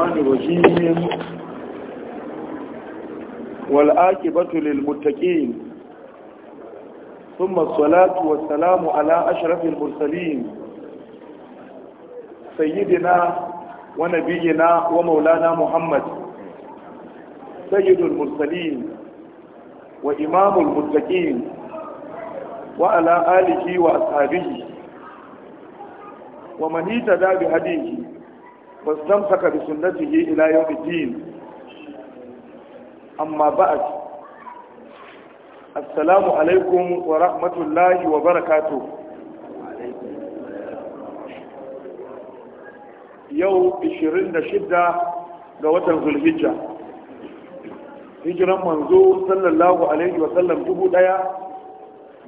الرحمن الرحيم والآكبة للمتقين ثم الصلاة والسلام على أشرف المرسلين سيدنا ونبينا ومولانا محمد سيد المرسلين وإمام المتقين وعلى آله وأصحابه ومن اهتدى بهديه واستمسك بسنته إلى يوم الدين أما بعد السلام عليكم ورحمة الله وبركاته يوم 26 ga watan zulhijja hijiran manzo sallallahu alaihi wasallam dubu daya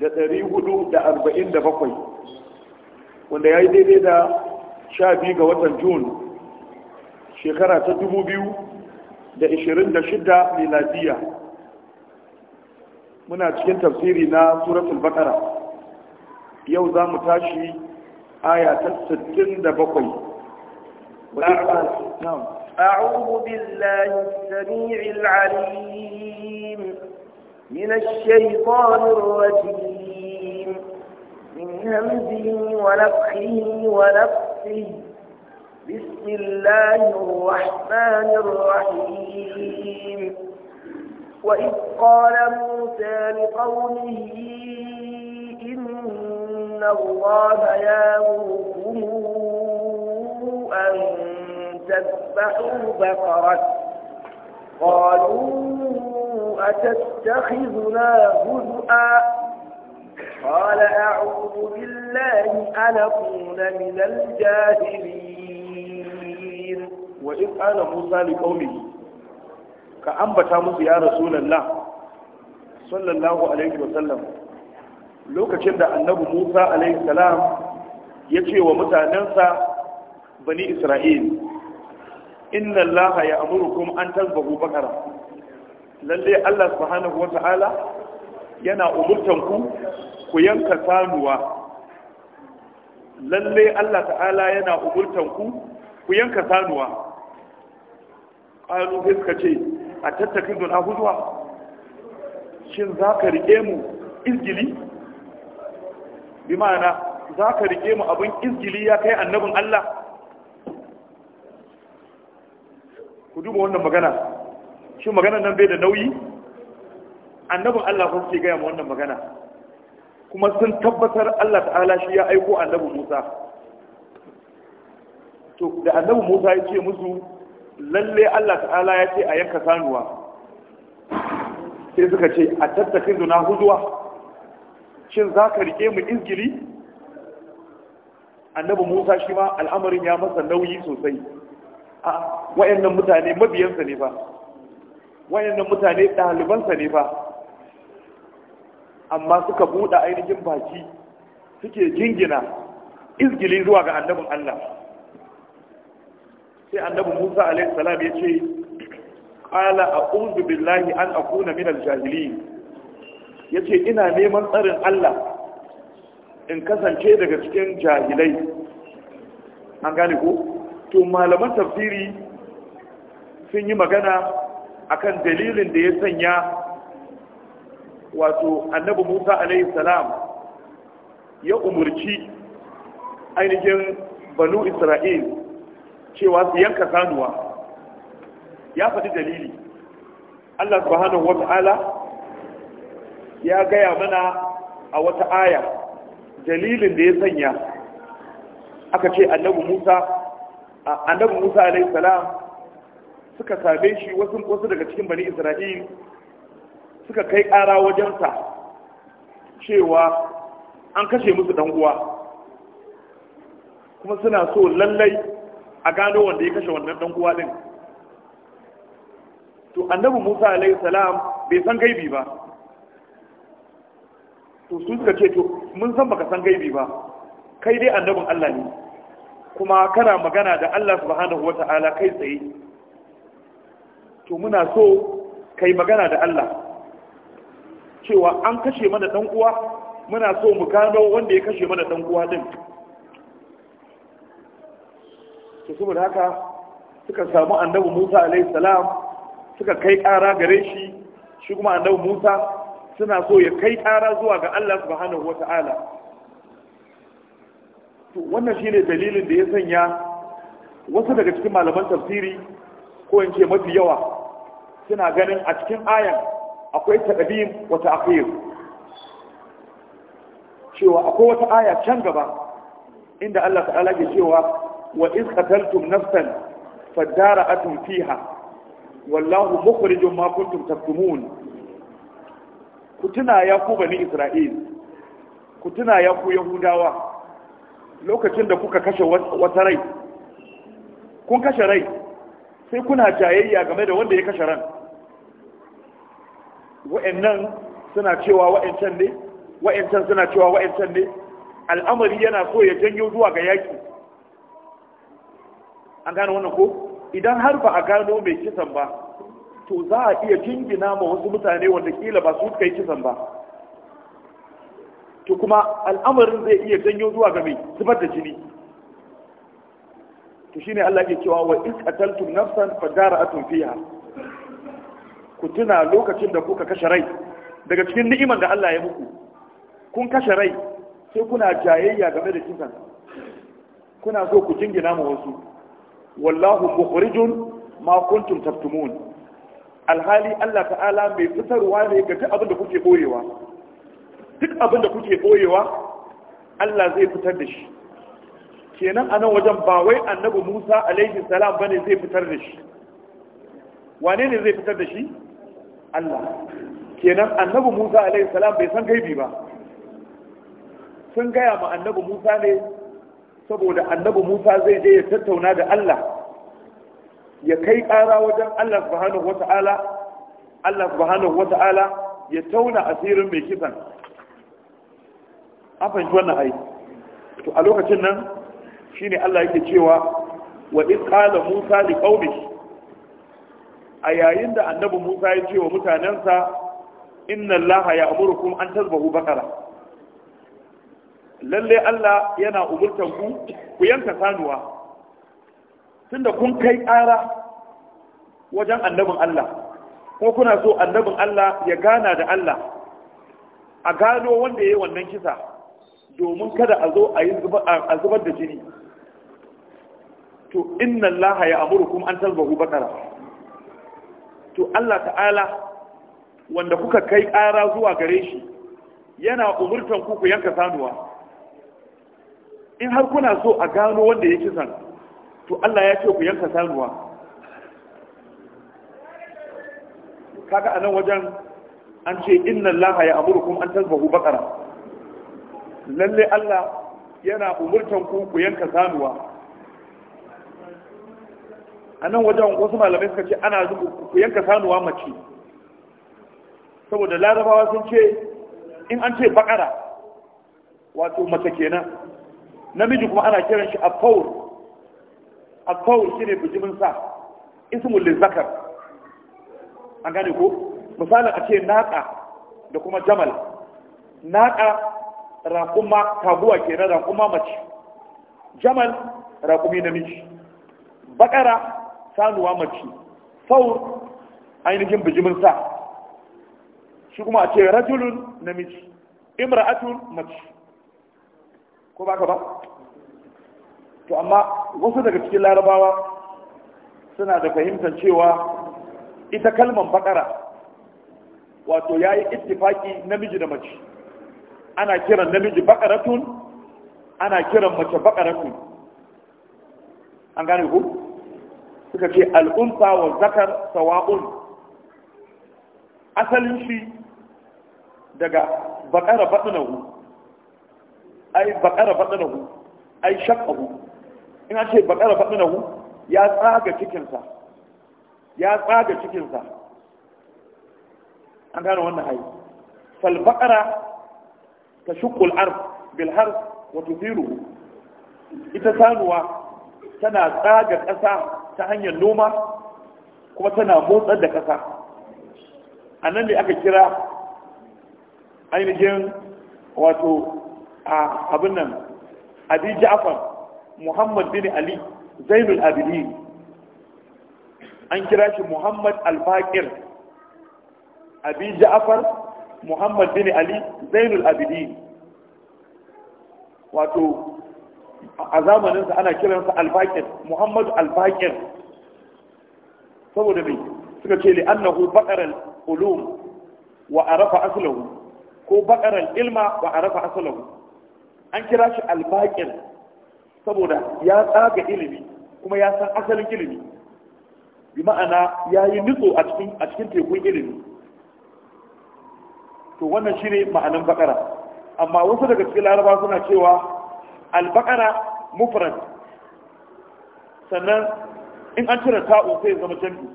da dari hudu da arba'in da bakwai wanda ya yi daidai da sha biyu ga watan Jun. shekara ta dubu biyu da da ishirin shida miladiya muna cikin tafsiri na suratul bakara yau za mu tashi aya ta 67 أعوذ بالله السميع العليم من الشيطان الرجيم من همزه ونفخه ونفسه بسم الله الرحمن الرحيم وإذ قال موسى لقومه إن الله يامركم أن تذبحوا بقرة قالوا أتتخذنا هزؤا قال أعوذ بالله أن أكون من الجاهلين wa in qala musa li qaumihi ka ambata musu ya rasulullah sallallahu alaihi wa sallam lokacin da annabi musa alaihi salam ya ce wa mutanensa bani isra'il inna allaha ya amurukum an tasbahu bakara lalle allah subhanahu wa ta'ala yana umurtan ku ku yanka sanuwa allah ta'ala yana umurtan ku ku yanka sanuwa ƙalu sai suka ce a tattakin don ahuzuwa shin za ka riƙe mu izgili bi ma'ana za ka riƙe mu abin izgili ya kai annabin Allah ku duba wannan magana shi magana nan bai da nauyi annabin Allah ko ke gaya ma wannan magana kuma sun tabbatar Allah ta'ala shi ya aiko annabin Musa to da annabin Musa ya ce musu lalle Allah ta'ala ya ce a yanka sanuwa sai suka ce a tattakin zuna huduwa shin za ka rike mu izgili annabi musa shi ma al'amarin ya masa nauyi sosai a wayannan mutane mabiyansa ne fa wayannan mutane ɗalibansa ne fa amma suka buɗe ainihin baki suke jingina izgili zuwa ga annabin Allah sai annabi Musa alaihi salam ya ce qala a'udhu billahi an akuna min al-jahilin yace ina neman tsarin Allah in kasance daga cikin jahilai an gane ko to malaman tafsiri sun yi magana akan dalilin da ya sanya wato annabi Musa alaihi salam ya umurci ainihin banu Isra'il cewa su yanka sanuwa ya faɗi dalili Allah subhanahu ta'ala ya gaya mana a wata aya dalilin da ya sanya aka ce annabi Musa annabi Musa alaihi salam suka same shi wasu wasu daga cikin bani Isra'il suka kai ƙara wajensa cewa an kashe musu dan uwa kuma suna so lallai a gano wanda ya kashe wannan dan uwa din to annabi Musa alaihi salam bai san gaibi ba to sun suka ce to mun san baka san gaibi ba kai dai annabin Allah ne kuma kana magana da Allah subhanahu wata'ala kai tsaye to muna so kai magana da Allah cewa an kashe mana dan uwa muna so mu gano wanda ya kashe mana dan uwa din to saboda haka suka samu annabi Musa alaihi salam suka kai ƙara gare shi shi kuma annabi Musa suna so ya kai kara zuwa ga Allah subhanahu wata'ala to wannan shine dalilin da ya sanya wasu daga cikin malaman tafsiri ko in ce mafi yawa suna ganin a cikin ayan akwai taqdim wa ta'khir cewa akwai wata aya can gaba inda Allah ta'ala ke cewa wa in qataltum nafsan fadara'atum fiha wallahu mukhrijum ma kuntum taktumun ku tuna ya ku bani isra'il ku tuna ya ku yahudawa lokacin da kuka kashe wata rai kun kashe rai sai kuna jayayya game da wanda ya kashe ran wa'annan suna cewa wa'ancan ne wa'ancan suna cewa wa'ancan ne al'amari yana so ya janyo zuwa ga yaki an gano wannan ko idan har ba a gano mai kisan ba to za a iya jingina ma wasu mutane wanda kila ba su kai kisan ba to kuma al'amarin zai iya janyo zuwa ga mai zubar da jini to shine Allah ke cewa wa in qataltum nafsan fadara'atun fiha ku tuna lokacin da kuka kashe rai daga cikin ni'iman da Allah ya muku kun kashe rai sai kuna jayayya game da kisan kuna so ku jingina ma wasu wallahu mukhrijun ma kuntum taftumun alhali Allah ta'ala mai fitarwa ne ga duk abin da kuke boyewa duk abin da kuke boyewa Allah zai fitar da shi kenan a nan wajen ba wai annabi Musa alaihi salam bane zai fitar da shi wane ne zai fitar da shi Allah kenan annabi Musa alaihi salam bai san gaibi ba sun gaya ma annabi Musa ne saboda annabi Musa zai je ya tattauna da Allah ya kai ƙara wajen Allah subhanahu wata'ala Allah subhanahu wata'ala ya tauna asirin mai kisan an fahimci wannan ai to a lokacin nan shine Allah yake cewa wa in qala Musa li qaumihi a yayin da annabi Musa ya ce wa mutanensa inna Allah ya kuma an tazbahu bakara lalle Allah yana umurtan ku ku yanka sanuwa tunda kun kai ƙara wajen annabin Allah ko kuna so annabin Allah ya gana da Allah a gano wanda ya yi wannan kisa domin kada a zo a zubar da jini to inna Allah ya amurukum an talbahu bakara to Allah ta'ala wanda kuka kai ƙara zuwa gare shi yana umurtan ku ku yanka sanuwa in har kuna so a gano wanda ya kisan to Allah ya ce ku yanka sanuwa kaga a nan wajen an ce inna Allah ya amurukum an tasbahu baqara lalle Allah yana umurtan ku ku yanka sanuwa a nan wajen wasu malamai suka ce ana zuku ku yanka sanuwa mace saboda larabawa sun ce in an ce baqara wato mace kenan namiji kuma ana kiran shi afawur shi shine bijimin sa ismul lizakar an gane ko misali a ce naqa da kuma jamal naqa raquma taguwa na raquma mace jamal raƙumi namiji bakara sanuwa mace faur ainihin bijimin sa shi kuma a ce rajulun namiji imra'atun mace ko ba ka ba to amma wasu daga cikin larabawa suna da fahimtar cewa ita kalmar bakara wato ya yi ittifaki namiji da mace ana kiran namiji bakaratun ana kiran mace bakaratun an gane ku suka ce al'umfa wa zakar sawa'un asalin shi daga bakara baɗinahu ai bakara badanahu ai shaqahu in an ce bakara badanahu ya tsaga cikinsa ya tsaga cikinsa an gano wannan hayi fal bakara tashuqqu al-ard bil harf wa tuthiru ita sanuwa tana tsaga ƙasa ta hanyar noma kuma tana motsar da ƙasa a nan ne aka kira ainihin wato A abin nan abi ja'far muhammad bin ali zainul abidin an kira shi muhammad al-faqir abi ja'far muhammad bin ali zainul abidin wato a zamaninsa ana kiransa al-faqir muhammad al-faqir saboda mai suka ce li annahu baqaral ulum wa arafa aslahu ko baqaral ilma wa arafa aslahu an kira shi albaƙin saboda ya tsaga ilimi kuma ya san asalin ilimi bi ma'ana ya yi nutso a cikin tekun ilimi to wannan shi ne ma'anin bakara amma wasu daga cikin laraba suna cewa albakara mufrad sannan in an cire ta'u sai zama canji,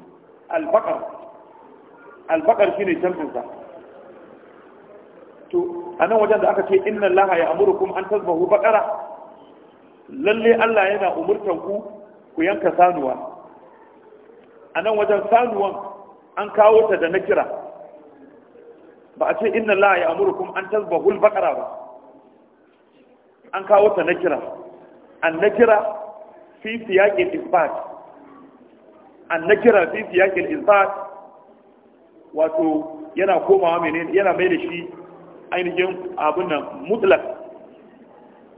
albakar albakar shi ne canjinsa. to a nan wajen da aka ce inna laha ya kuma an tasbahu baƙara, lalle Allah yana umurtan ku ku yanka sanuwa a nan wajen sanuwan an kawo ta da na kira ba a ce inna laha ya kuma an tasbahu baƙara ba an kawo ta na kira an na kira fi siyaqil isbat an na kira fi siyaqil isbat wato yana komawa menene yana mai da shi ainihin abin nan mutlak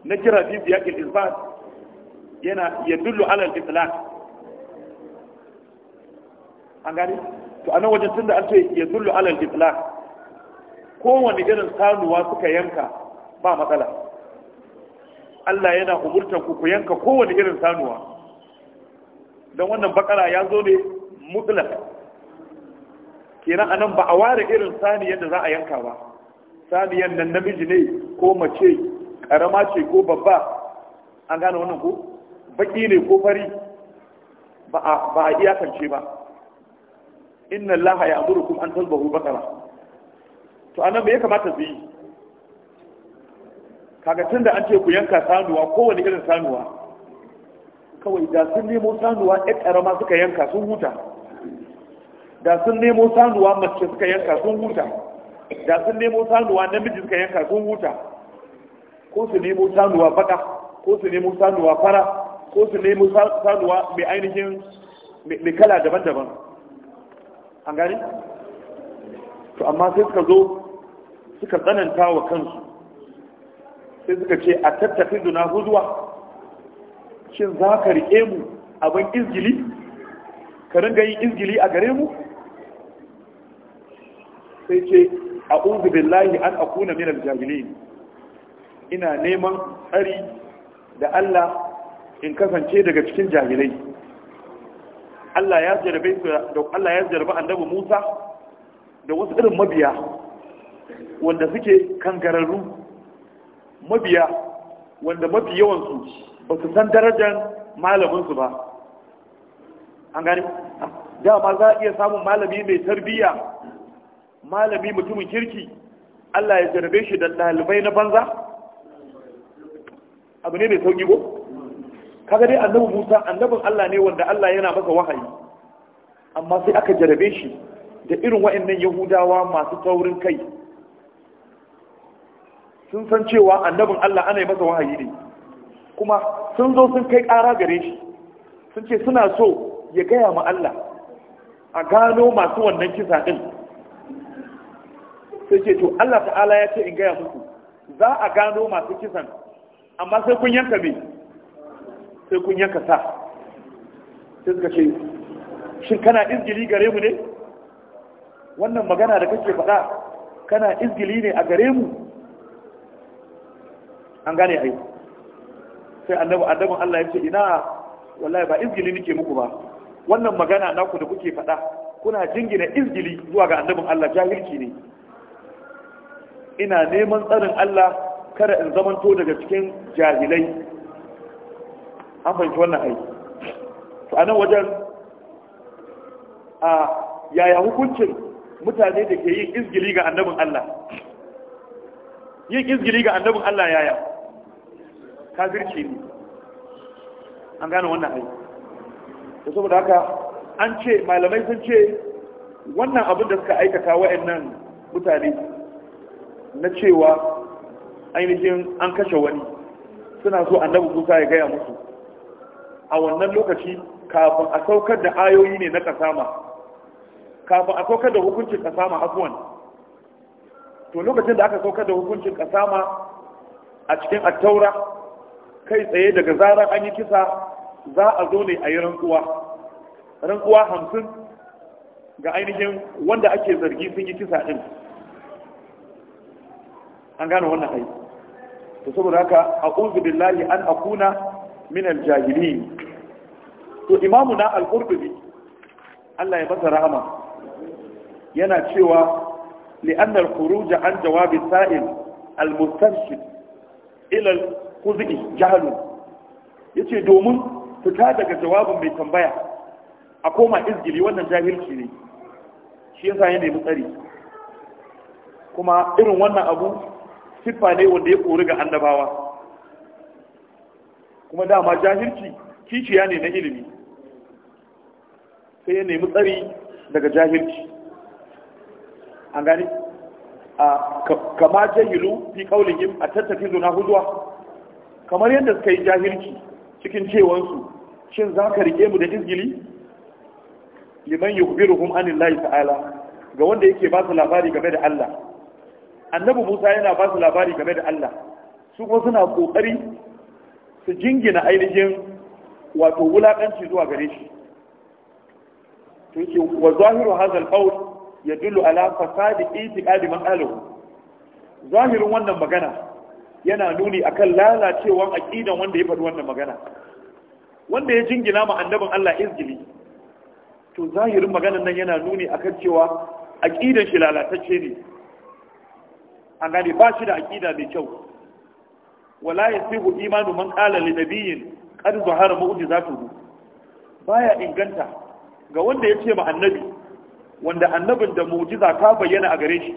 na kira fi biyakin isbat yana ya dullu alal itlaq an gani to anan wajen tunda an ce ya dullu alal itlaq kowane irin sanuwa suka yanka ba matsala Allah yana umurtan ku ku yanka kowane irin sanuwa don wannan bakara ya zo ne mutlak kenan anan ba a ware irin sani yadda za a yanka ba saniyan nan namiji ne ko mace karama ce ko babba an gane wannan ko baki ne ko fari ba a iyakance ba inna allaha ya amuru kuma an talbahu bakara to anan me ya kamata su yi kaga tun da an ce ku yanka sanuwa kowane irin sanuwa kawai da sun nemo sanuwa ya karama suka yanka sun huta da sun nemo sanuwa mace suka yanka sun huta da sun nemo sanuwa namiji suka yanka sun wuta ko su nemo sanuwa baka ko su nemo sanuwa fara ko su nemo sanuwa mai ainihin mai kala daban-daban an gani to amma sai suka zo suka tsananta wa kansu sai suka ce a tattafi duna huzuwa shin za ka riƙe mu abin izgili ka ringa yin izgili a gare mu sai ce a'udhu billahi an akuna min al-jahilin ina neman tsari da Allah in kasance daga cikin jahilai Allah ya jarabe da Allah ya jarabe annabi Musa da wasu irin mabiya wanda suke kangararru mabiya wanda mafi yawansu ba su san darajar malaminsu ba an gani dama za a iya samun malami mai tarbiyya malami mutumin kirki Allah ya jarabe shi da ɗalibai na banza abu ne mai sauƙi ko kaga dai annabi Musa annabin Allah ne wanda Allah yana masa wahayi amma sai aka jarabe shi da irin wa'annan Yahudawa masu taurin kai sun san cewa annabin Allah ana yi masa wahayi ne kuma sun zo sun kai ƙara gare shi sun ce suna so ya gaya ma Allah a gano masu wannan kisa ɗin sai ce to Allah ta'ala ya ce in gaya muku za a gano masu kisan amma sai kun yanka me sai kun yanka sa sai suka ce shin kana izgili gare mu ne wannan magana da kake faɗa kana izgili ne a gare mu an gane ai sai annabi annabin Allah ya ce ina wallahi ba izgili nake muku ba wannan magana naku da kuke faɗa kuna jingina izgili zuwa ga annabin Allah jahilci ne ina neman tsarin Allah kada in zamanto daga cikin jahilai an fahimci wannan aiki to a nan wajen a yaya hukuncin mutane da ke yin izgili ga annabin Allah yin izgili ga annabin Allah yaya kafirci ne an gane wannan aiki da saboda haka an ce malamai sun ce wannan abin da suka aikata wa'annan mutane na cewa ainihin an kashe wani suna so annabi musa ya gaya musu a wannan lokaci kafin a saukar da ayoyi ne na kasama kafin a saukar da hukuncin kasama afuwan to lokacin da aka saukar da hukuncin kasama a cikin attaura kai tsaye daga zarar an yi kisa za a zo ne a yi rantsuwa rantsuwa hamsin ga ainihin wanda ake zargi sun yi kisa ɗin an gane wannan aiki. to saboda haka a'udhu billahi an akuna min al to imamu na al Allah ya masa rahama yana cewa an jawabi sa'il al السائل ilal إلى jahalu. Ya yace domin fita daga jawabin mai tambaya a koma izgili wannan jahilci ne shi yasa ya nemi tsari kuma irin wannan abu siffa ne wanda ya kori ga annabawa kuma dama jahilci kiciya ne na ilimi sai ya nemi tsari daga jahilci an gani a kama jahilu fi yin a tattafi zuna huzuwa kamar yadda suka yi jahilci cikin cewansu shin za ka rike mu da izgili liman anin Layi ta'ala ga wanda yake ba su labari game da Allah annabi musa yana ba su labari game da allah su kuma suna kokari su jingina ainihin wato wulakanci zuwa gare shi to yake wa zahiru hazal qawl yadullu ala fasadi itiqadi man alahu zahirin wannan magana yana nuni akan lalacewan aqidan wanda ya faɗi wannan magana wanda ya jingina ma annabin Allah izgili to zahirin maganan nan yana nuni akan cewa aqidan shi lalatacce ne an gane ba shi da aqida mai kyau wala yasihu imanu man qala li nabiyyin qad zahara mu'jizatuhu baya inganta ga wanda ya ce ma annabi wanda annabin da mu'jiza ta bayyana a gare shi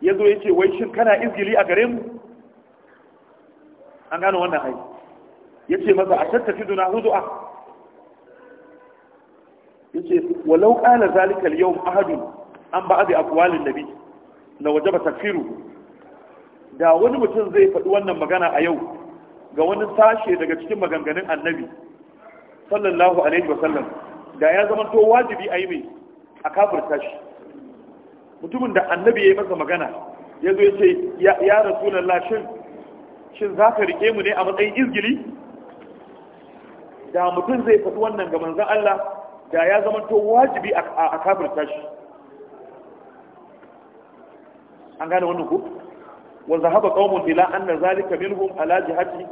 yazo ya ce wai shin kana izgili a gare mu an gane wannan hai ya ce masa a tattafi duna a? ya ce walau ƙala zalikal yau ahadun an ba abi akwalin nabi na waje ba takfiru da wani mutum zai faɗi wannan magana a yau ga wani sashe daga cikin maganganun annabi sallallahu alaihi wasallam da ya zama to wajibi a yi mai a kafirta shi mutumin da annabi ya yi masa magana ya zo ya ce ya rasulallah shin shin za ka rike mu ne a matsayin izgili da mutum zai faɗi wannan ga manzan Allah da ya zama to wajibi a kafirta shi an gane wannan ku wa zahaba qaumun bila anna zalika minhum ala jihati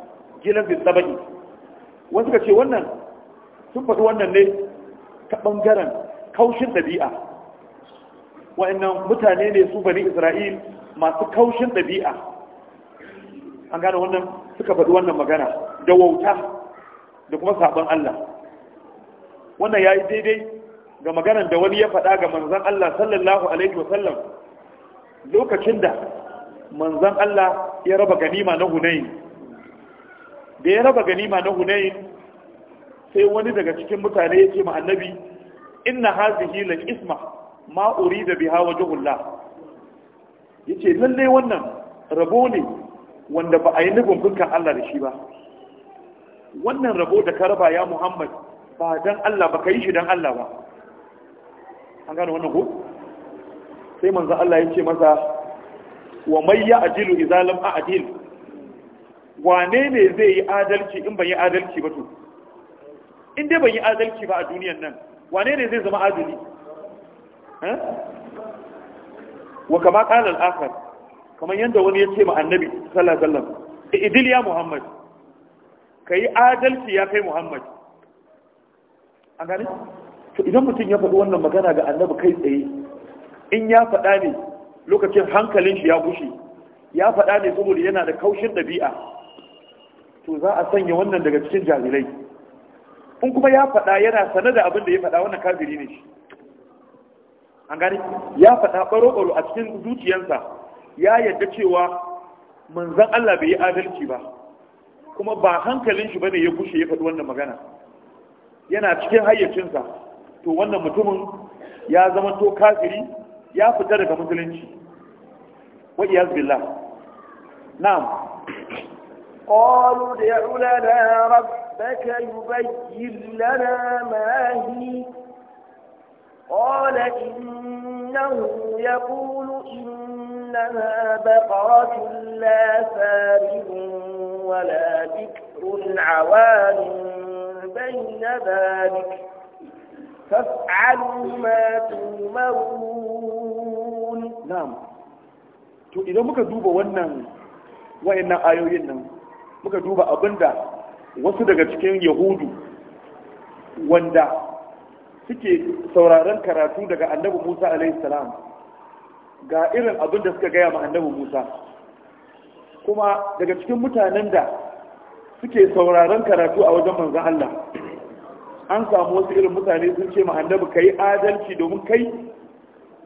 gilan bi tsabagi. wasu ka ce wannan sun faɗi wannan ne ta ɓangaren kaushin ɗabi'a wa'annan mutane ne su bani isra'il masu kaushin ɗabi'a an gane wannan suka faɗi wannan magana da wauta da kuma saɓon Allah wannan ya yi daidai ga maganar da wani ya faɗa ga manzan Allah sallallahu alaihi wasallam lokacin da manzan Allah ya raba ganima na hunayin, da ya raba ganima na hunayin, sai wani daga cikin mutane ya ce ma annabi inna hazihi lal isma ma urida biha wajhullah yace lalle wannan rabo ne wanda ba a yi nufin dukkan Allah da shi ba wannan rabo da ka raba ya Muhammad ba dan Allah ba ka yi shi dan Allah ba an gane wannan ko sai manzo Allah ya ce masa wa mai ya ajilu izalam a adil wane ne zai yi adalci in ban yi adalci ba to in dai ban yi adalci ba a duniyan nan wane ne zai zama adali eh? wa kama qala al-akhar kamar yanda wani ya ce ma annabi sallallahu alaihi wasallam idil ya muhammad kai adalci ya kai muhammad an gane to idan mutum ya faɗi wannan magana ga annabi kai tsaye in ya faɗa ne lokacin hankalin shi ya bushe, ya faɗa ne saboda yana da kaushin ɗabi'a to za a sanya wannan daga cikin jahilai in kuma ya faɗa yana sane da abin da ya faɗa wannan kafiri ne shi an gani ya faɗa ɓaro-ɓaro a cikin zuciyarsa ya yadda cewa manzan Allah bai yi adalci ba kuma ba hankalin shi bane ya gushe ya faɗi wannan magana yana cikin hayyacinsa to wannan mutumin ya zama to kafiri ya fita daga musulunci wa iyaz billah na'am qalu da'u lana rabbaka yubayyin lana ma hi قال إنه يقول إنها بقرة لا فارغ ولا بكر عوان بين ذلك فافعلوا ما تؤمرون na'am to idan muka duba wannan wayannan ayoyin nan muka duba abinda wasu daga cikin yahudu wanda suke sauraron karatu daga annabi Musa alayhi salam ga irin abinda suka gaya ma annabi Musa kuma daga cikin mutanen da suke sauraron karatu a wajen manzon Allah an samu wasu irin mutane sun ce ma annabi kai adalci domin kai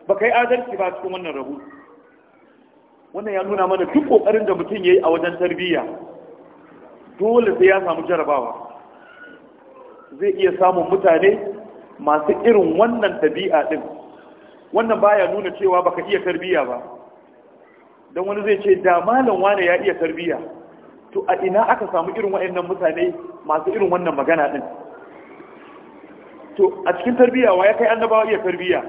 ba kai adalci ba cikin wannan rabu wannan ya nuna mana duk kokarin da mutum ya yi a wajen tarbiyya dole sai ya samu jarabawa zai iya samun mutane masu irin wannan ɗabi'a ɗin wannan baya nuna cewa baka iya tarbiyya ba don wani zai ce da malam wane ya iya tarbiyya to a ina aka samu irin wa'annan mutane masu irin wannan magana ɗin to a cikin tarbiyya ya kai annabawa iya tarbiyya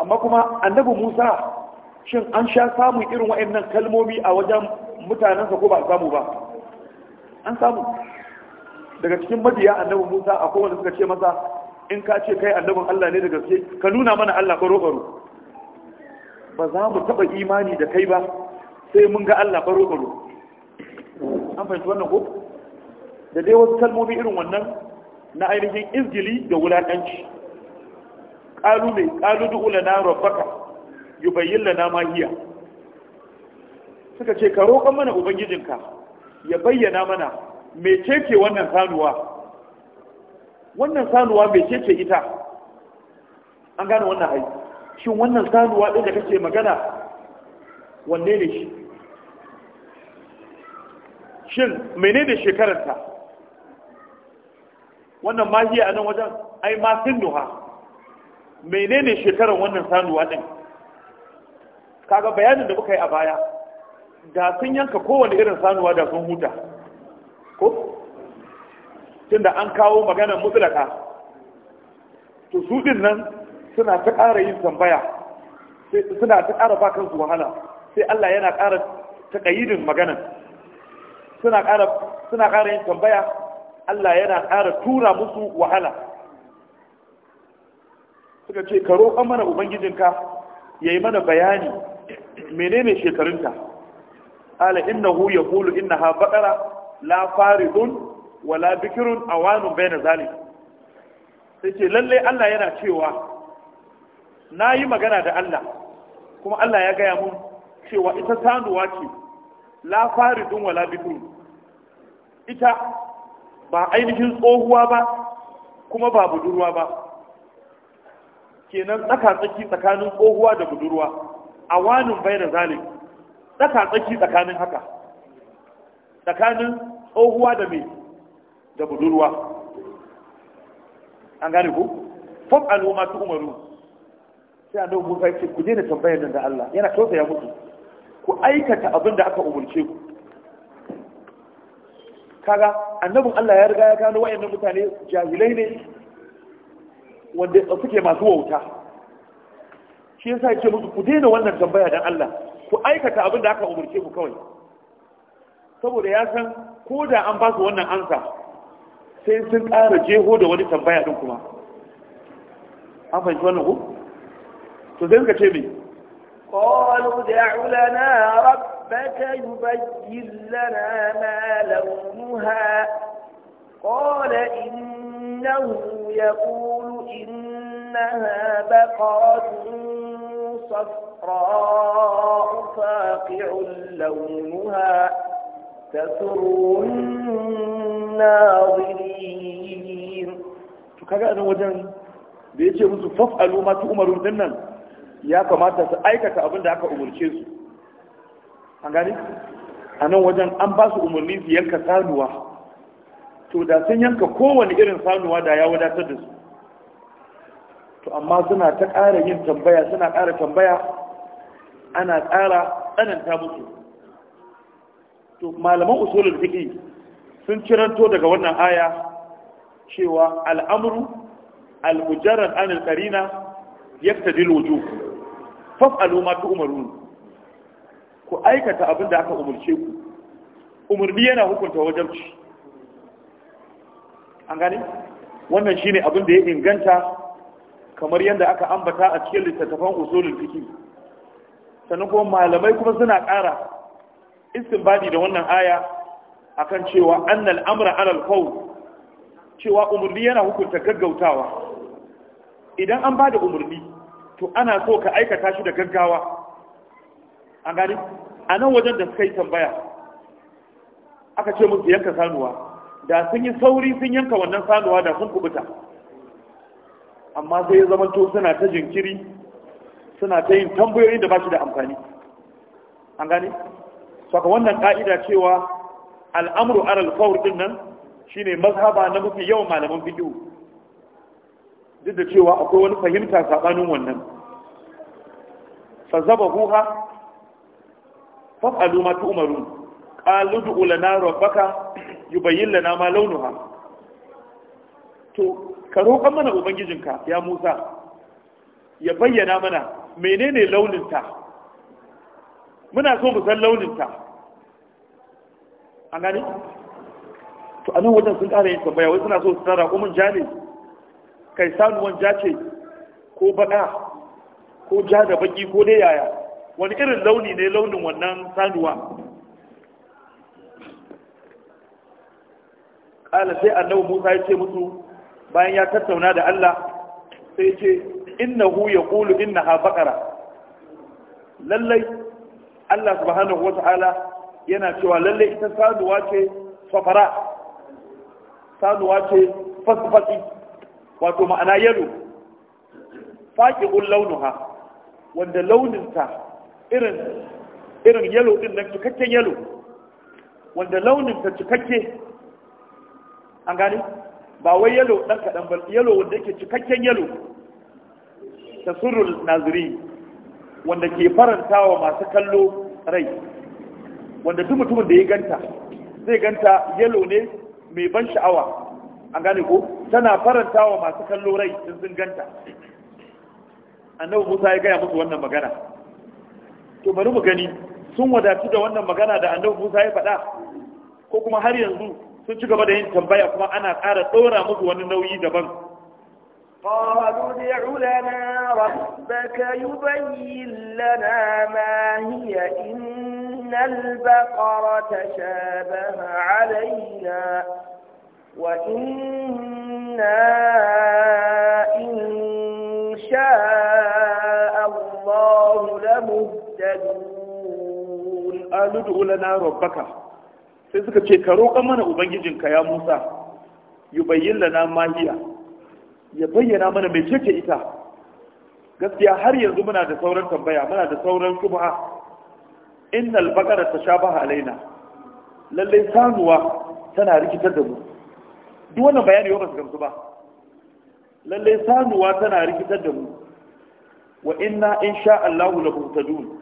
amma kuma annabi Musa shin an sha samun irin wa'annan kalmomi a wajen mutanensa ko ba a samu ba an samu daga cikin madiya annabi Musa akwai wanda suka ce masa in ka ce kai annabin Allah ne daga gaske ka nuna mana Allah baro baro ba za mu taba imani da kai ba sai mun ga Allah baro baro an fahimci wannan ko da dai wasu kalmomi irin wannan na ainihin izgili da wulakanci qalu bi qalu du lana rabbaka yubayyin lana ma hiya suka ce ka roƙon mana ubangijinka ya bayyana mana mecece wannan sanuwa wannan sanuwa mecece ita an gane wannan ai shin wannan sanuwa ɗin da kake magana wanne ne shi shin mene da ta? wannan mahiya a nan wajen ai ma sun menene shekarar wannan sanuwa din kaga bayanin da muka yi a baya da sun yanka kowane irin sanuwa da sun huta ko tunda an kawo maganar mutulaka to su din nan suna ta ƙara yin tambaya suna ta ƙara ba kansu wahala sai Allah yana ƙara taƙayidin maganar suna ƙara yin tambaya Allah yana ƙara tura musu wahala suka ce ka roƙon mana ubangijinka ya yi mana bayani menene shekarunta ala innahu inna ha baqara la wa wala bikirun bai na zali sai ce lallai Allah yana cewa na yi magana da Allah kuma Allah ya gaya mun cewa ita sanuwa ce la wa wala bikirun ita ba ainihin tsohuwa ba kuma ba budurwa ba kenan tsaka tsaki tsakanin tsohuwa da budurwa wanin bai da zalim tsaka tsaki tsakanin haka tsakanin tsohuwa da mai da budurwa an gane ku fok al'umma su umaru sai a nan musa ce ku daina tambayar nan da Allah yana tausaya mutu ku aikata abin da aka umarce ku kaga annabin Allah ya riga ya gano wayannan mutane jahilai ne wanda suke masu wauta shi yasa yake musu ku daina wannan tambaya dan Allah ku aikata abin da aka umurce ku kawai saboda ya san ko da an ba su wannan ansa sai sun ƙara jeho da wani tambaya din kuma an fahimci wannan ku to sai suka ce me qalu da'u lana rabbaka yubayyin lana ma launuha qala innahu yaqulu إنها بقرة صفراء فاقع لونها تسر الناظرين kaga nan wajen da ya ce musu faf'alu ma umarun din nan ya kamata su aikata abin da aka umarce su an gani a nan wajen an ba su umarni su yanka sanuwa to da sun yanka kowane irin sanuwa da ya wadatar da su to amma suna ta ƙara yin tambaya suna ƙara tambaya ana ƙara tsananta musu to malaman usulul fiqh sun ciranto daga wannan aya cewa al'amru al-mujarrad an al-qarina yaqtadi al-wujub faf'alu ma tu'marun ku aikata abin da aka umarce ku umurni yana hukunta wajen ci an gane wannan shine abin da ya inganta kamar yadda aka ambata a cikin littattafan usulul fiqh sannan kuma malamai kuma suna ƙara istinbadi da wannan aya akan cewa annal amra alal qawl cewa umurni yana hukunta gaggautawa idan an bada umurni to ana so ka aikata shi da gaggawa A gani a nan wajen da suka yi tambaya aka ce musu yanka sanuwa da sun yi sauri sun yanka wannan sanuwa da sun kubuta amma sai ya zama to suna ta jinkiri suna ta yin tambayoyin da ba shi da amfani an gane saka wannan ka'ida cewa al'amru aral fawr din nan shine mazhaba na mafi yawan malaman fiqh duk da cewa akwai wani fahimta sabanin wannan fazabahuha fa'alu ma tu'marun qalu du'u lana rabbaka yubayyin lana ma launuha to ka roƙon mana ubangijinka ya musa ya bayyana mana menene launinta muna so mu san launinta an gani to a nan wajen sun ƙara yin tambaya wai suna so su tara kuma ja ne kai sanuwan ja ce ko baƙa ko ja da baƙi ko dai yaya wani irin launi ne launin wannan sanuwa ƙala sai annabi musa ya ce musu bayan ya tattauna da Allah sai ce innahu yaqulu innaha baqara lallai Allah subhanahu wata'ala yana cewa lallai ita saduwa ce safara saduwa ce fasfasi wato ma'ana yalo faƙiƙun launuha wanda launinta irin irin yalo din nan cikakken yalo wanda launinta cikakke an gani ba wai yalo dan kadan ba yalo wanda yake cikakken yalo ta nazri naziri wanda ke faranta wa masu kallo rai wanda duk mutumin da ya ganta zai ganta yalo ne mai ban sha'awa an gane ko tana faranta wa masu kallo rai sun sun ganta annabi musa ya gaya musu wannan magana to bari mu gani sun wadatu da wannan magana da annabi musa ya faɗa ko kuma har yanzu sun ci gaba da yin tambaya kuma ana ƙara tsora muku wani nauyi daban قالوا ادع لنا ربك يبين لنا ما هي إن البقرة تشابه علينا وإنا إن شاء الله لمهتدون قالوا ادع لنا ربك sai suka ce ka roƙan mana ubangijinka ya musa yi bayyin lana mahiya ya bayyana mana mai cece ita gaskiya har yanzu muna da sauran tambaya muna da sauran shubha innal baqara tashabaha alaina Lallai sanuwa tana rikitar da mu duk wannan bayani ba su gamsu ba Lallai sanuwa tana rikitar da mu wa inna insha Allahu la muhtadun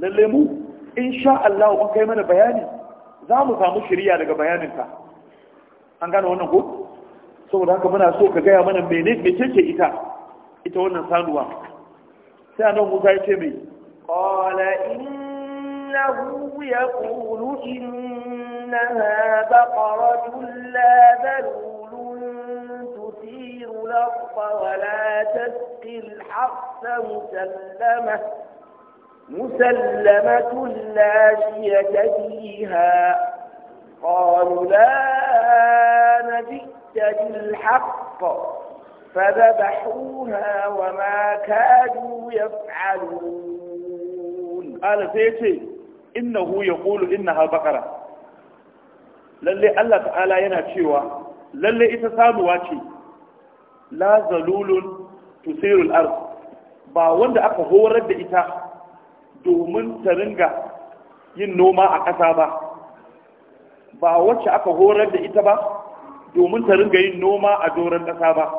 Lallai mu insha Allahu an kai mana bayani za mu samu shirya daga bayaninka an gane wannan ko saboda haka muna so ka gaya mana mene ce ita ita wannan sanuwa sai annabi Musa ya ce mai qala innahu yaqulu innaha baqaratun la dhalulun tuthiru al-ardha wa la tasqi al مسلمة لا فيها قالوا لا جئت بالحق فذبحوها وما كادوا يفعلون قال سيتي إنه يقول إنها بقرة للي الله تعالى ينهى للي إتصال واتشي لا زلول تثير الأرض با وند aka رد إتاح domin ta ringa yin noma a ƙasa ba ba wacce aka horar da ita ba domin ta ringa yin noma a doron ƙasa ba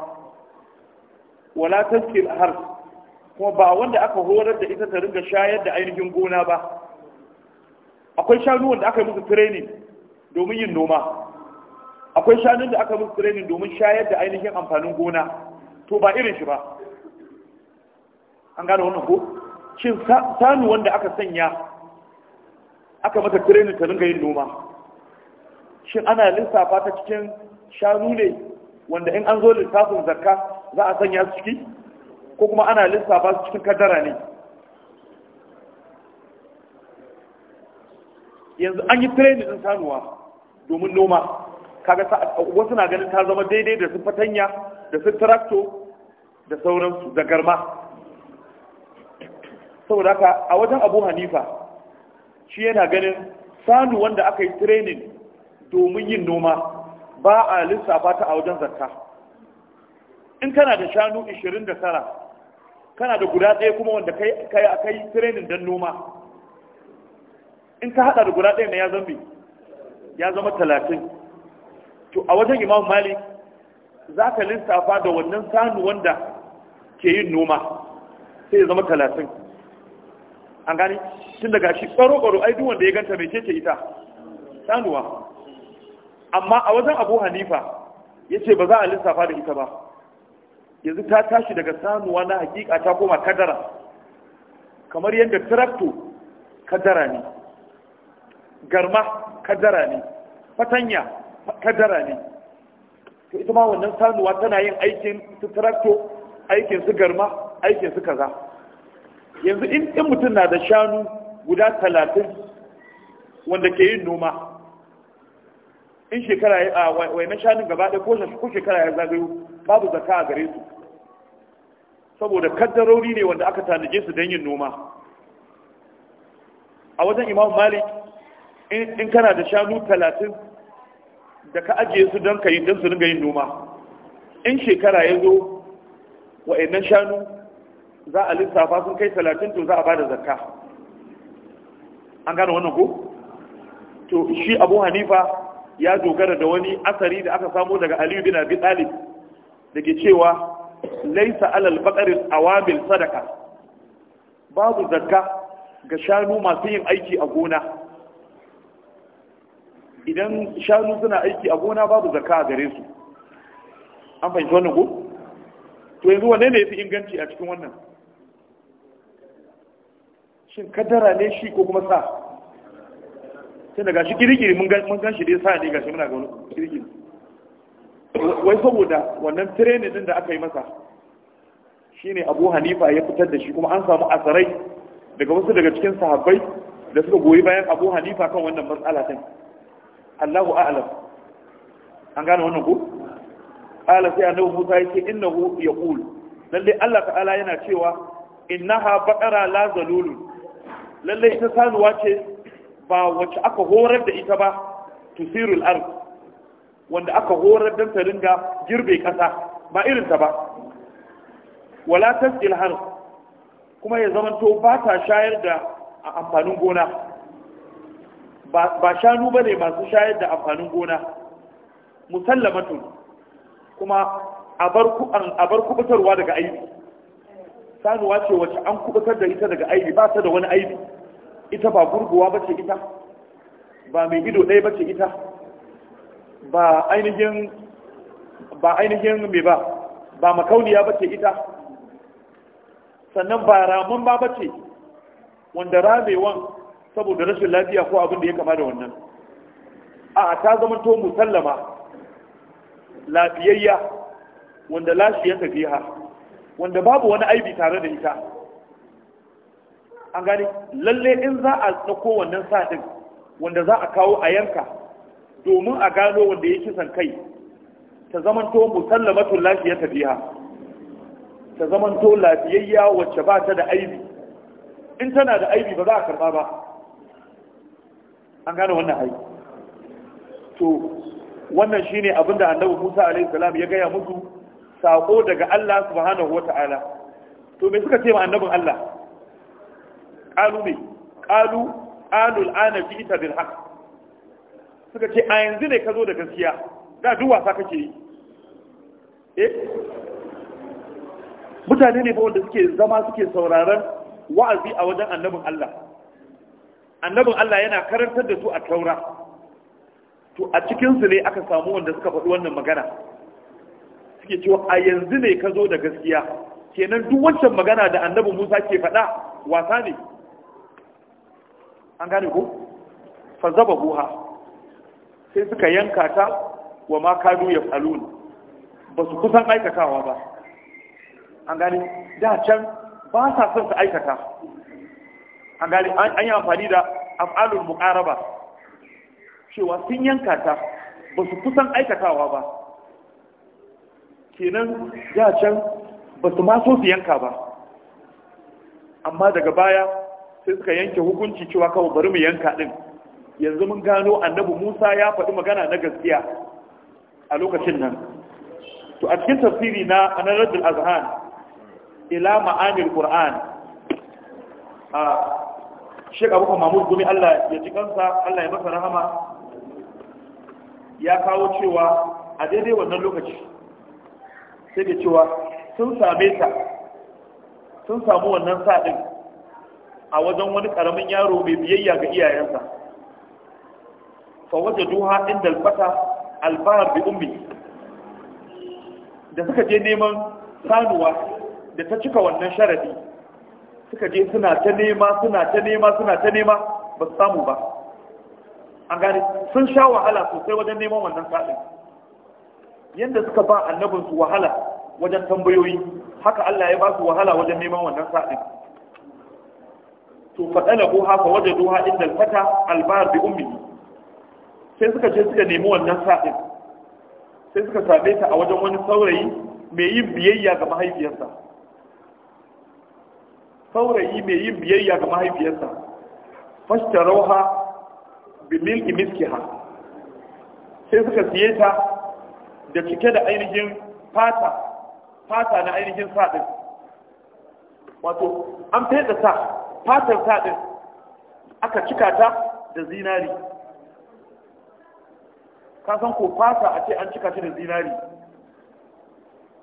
wala taskil har kuma ba wanda aka horar da ita ta ringa shayar da ainihin gona ba akwai shanu wanda aka yi musu training domin yin noma akwai shanun da aka musu training domin shayar da ainihin amfanin gona to ba irin shi ba an gane wannan ko shin sanu wanda aka sanya aka mata tirenin ta dinga yin noma shin ana lissafa ta cikin shanu ne wanda in an zo lissafin zakka za a sanya su ciki ko kuma ana lissafa su cikin kaddara ne yanzu an yi tirenin din sanuwa domin noma kaga wasu na ganin ta zama daidai da su fatanya da su trakto da sauransu da garma saboda haka a wajen abu hanifa shi yana ganin sanu wanda aka yi training domin yin noma ba a lissafa ta a wajen zakka in kana da shanu 29 kana da guda ɗaya kuma wanda kai yi training don noma in ka hada da guda ɗaya na ya zambi ya zama 30 to a wajen imam malik za ka lissafa da wannan sanu wanda ke yin noma sai ya zama 30 an gani tun daga shi ɓaro-ɓaro ai duwanda ya ganta mai cece ita sanuwa amma a wajen abu hanifa ya ce ba za a lissafa da ita ba yanzu ta tashi daga sanuwa na hakika ta koma kadara kamar yadda tarakto, kadara ne garma kadara ne fatanya kadara ne to ita ma wannan sanuwa tana yin aikin su tarakto, aikin su garma aikin su kaza yanzu in ɗin mutum na da shanu guda talatin wanda ke yin noma in shekara ya a na shanun gaba ɗaya ko shekara ya zagayo babu zaka a gare su saboda kaddarori ne wanda aka tanaje su don yin noma a wajen imam malik in kana da shanu talatin da ka ajiye su don ka yi don su dinga yin noma in shekara ya zo wa'annan shanu za a lissafa sun kai talatin to za a bada zakka an gane wannan ko to shi abu hanifa ya dogara da wani asari da aka samo daga aliyu bin abi talib da ke cewa laisa alal bakarin awamil sadaka babu zakka ga shanu masu yin aiki a gona idan shanu suna aiki a gona babu zakka a gare su an fahimci wannan ko to yanzu wanne ne yafi inganci a cikin wannan shin kadara ne shi ko kuma sa sai daga shi kirikiri mun gan shi dai sa ne ga shi muna ga wani kirikiri wai saboda wannan training din da aka yi masa shine Abu Hanifa ya fitar da shi kuma an samu asarai daga wasu daga cikin sahabbai da suka goyi bayan Abu Hanifa kan wannan matsala din Allahu a'alam. an gane wannan ku ala sai annabi Musa yake innahu yaqul lalle Allah ta'ala yana cewa innaha baqara la zalulun lallai ita sanuwa ce ba wacce aka horar da ita ba tusirul ard wanda aka horar don ta ringa girbe kasa ba irin ta ba wala tasil har kuma ya to ba ta shayar da amfanin gona ba shanu ba ne masu shayar da amfanin gona musallamatun kuma a bar kubutarwa daga aiki sanuwa ce wacce an kubutar da ita daga aibi ba ta da wani aibi ita ba gurguwa ba ce ita ba mai ido ɗaya ba ce ita ba ainihin ba mai ba ba makauniya ba ce ita sannan ba ramin ba ba ce wanda ramewan saboda rashin lafiya ko abin da ya kama da wannan a ta zama to musallama lafiyayya wanda ta tafiya wanda babu wani aibi tare da ita an gani. lalle in za a ɗauko wannan sa'adin wanda za a kawo a yanka domin a gano wanda ya kisan kai ta zamanto musallamatun lafiyar tafiya ta to lafiyayya wacce ba ta da aibi in tana da aibi ba za a karɓa ba an gane wannan aibi to wannan shine abinda annabi Musa alaihi salam ya gaya musu sako daga Allah subhanahu Ta'ala. to me suka ce ma annabin Allah qalu ne. qalu qalu ana fi ita bil haqq suka ce a yanzu ne ka zo da gaskiya da duk wasa kake yi eh mutane ne fa wanda suke zama suke sauraron wa'azi a wajen annabin Allah annabin Allah yana karantar da su a taura to a cikinsu ne aka samu wanda suka faɗi wannan magana suke cewa a yanzu ne ka zo da gaskiya kenan duk wancan magana da annabi Musa ke faɗa wasa ne an gane ko fa zaba buha sai suka yanka ta wa ma kadu ya falun ba su kusan aikatawa ba an gane da can ba sa son su aikata an gane an yi amfani da af'alul muqaraba cewa sun yanka ta ba su kusan aikatawa ba kenan ya can ba su maso su yanka ba amma daga baya sai suka yanke hukunci cewa kawai bari mu yanka din yanzu mun gano annabi musa ya faɗi magana na gaskiya a lokacin nan to a cikin tafsiri na anarajul azhan ila ma'anil qur'an a shek abubakar mahmud gumi allah ya ji kansa allah ya masa rahama ya kawo cewa a daidai wannan lokaci sai da cewa sun same ta sun samu wannan saɗin a wajen wani karamin yaro mai biyayya ga iyayensa fa waje duha inda alfata albahar bi ummi da suka je neman sanuwa da ta cika wannan sharadi suka je suna ta nema suna ta nema suna ta nema ba su samu ba an gane sun sha wahala sosai wajen neman wannan saɗin. Yadda suka ba annabin su wahala wajen tambayoyi haka Allah ya ba su wahala wajen neman wannan sa'in to fadalabuha fa doha inda al-fata al-bar bi ummihi sai suka je suka nemi wannan sa'in sai suka same ta a wajen wani saurayi mai yin biyayya ga mahaifiyarsa saurayi mai yin biyayya ga mahaifiyarsa fashtarauha bi milki miskiha sai suka siye ta da cike da ainihin fata fata na ainihin saɗin, wato an fesa sa fatar sa aka cika ta da zinari ka san ko fata a ce an cika ta da zinari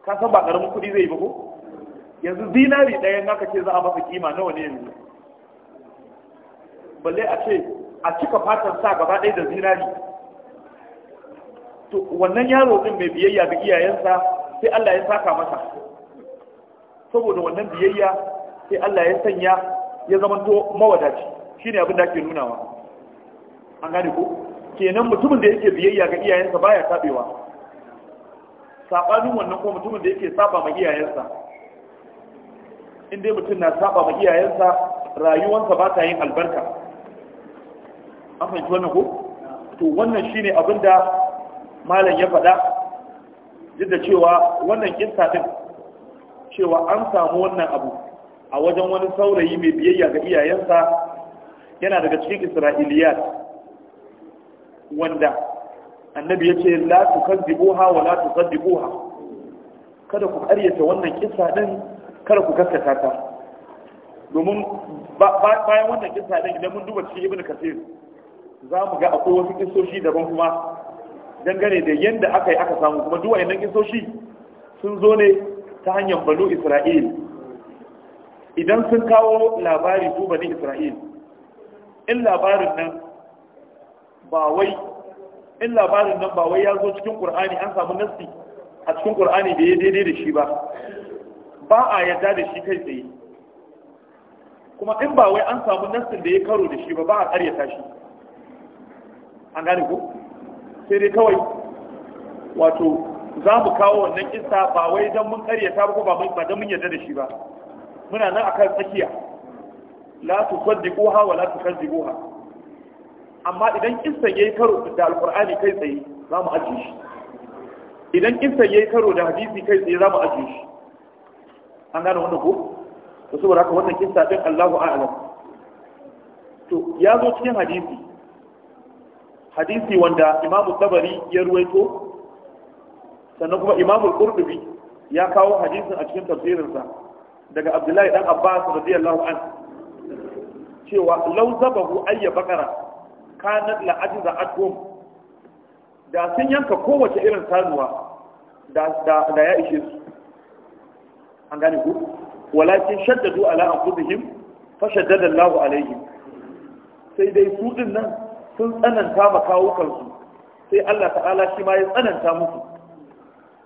ka san ba ƙaramin kuɗi zai yi ba ko yanzu zinari ɗayan aka ce za a masa kima nawa ne yanzu balle a ce a cika fatar sa gaba ɗaya da zinari to wannan yaro din mai biyayya ga iyayensa sai Allah ya saka masa saboda wannan biyayya sai Allah ya sanya ya zama to mawadaci shine abin da ake nunawa an gane ko kenan mutumin da yake biyayya ga iyayensa baya sabewa sabanin wannan ko mutumin da yake saba ma iyayensa in dai mutum na saba ma iyayensa rayuwarsa ba ta yin albarka an fahimci wannan ko to wannan shine abin da malam ya faɗa duk da cewa wannan kinsa din cewa an samu wannan abu a wajen wani saurayi mai biyayya ga iyayensa yana daga cikin isra'iliyat wanda annabi ya ce la tu kadhibuha wa la tu kada ku karyata wannan kisa din kada ku kaskata ta domin bayan wannan kisa din idan mun duba cikin ibnu kasir za mu ga akwai wasu kisoshi daban kuma dangane da yadda aka yi aka samu kuma duk wa'annan kisoshi sun zo ne ta hanyar banu isra'il idan sun kawo labari su bani isra'il in labarin nan ba wai in labarin nan ba wai ya zo cikin Kur'ani an samu nassi a cikin Kur'ani da ya daidai da shi ba ba a yarda da shi kai tsaye kuma in ba wai an samu nassin da ya karo da shi ba ba a karyata shi an gane ko sai dai kawai wato za mu kawo wannan kisa ba wai don mun karyata ba ko ba don mun yarda da shi ba muna nan akan tsakiya la ha wa la ha amma idan kissa yayi karo da alqur'ani kai tsaye za mu ajiye shi idan kissa yayi karo da hadisi kai tsaye za mu ajiye shi an gane wannan ko to saboda haka wannan kisa, din Allahu a'lam to ya zo cikin hadisi hadisi wanda imamu tabari ya ruwaito sannan kuma imamu qurtubi ya kawo hadisin a cikin tafsirinsa daga abdullahi dan abbas radiyallahu an cewa law zabahu ayya bakara kanat la ajza atum da sun yanka kowace irin sanuwa da ya ishe su an gane ku walakin shaddadu ala anfusihim fa shaddada Allahu alaihim sai dai su din nan sun tsananta ma kawo kansu sai Allah ta'ala shi ma ya tsananta musu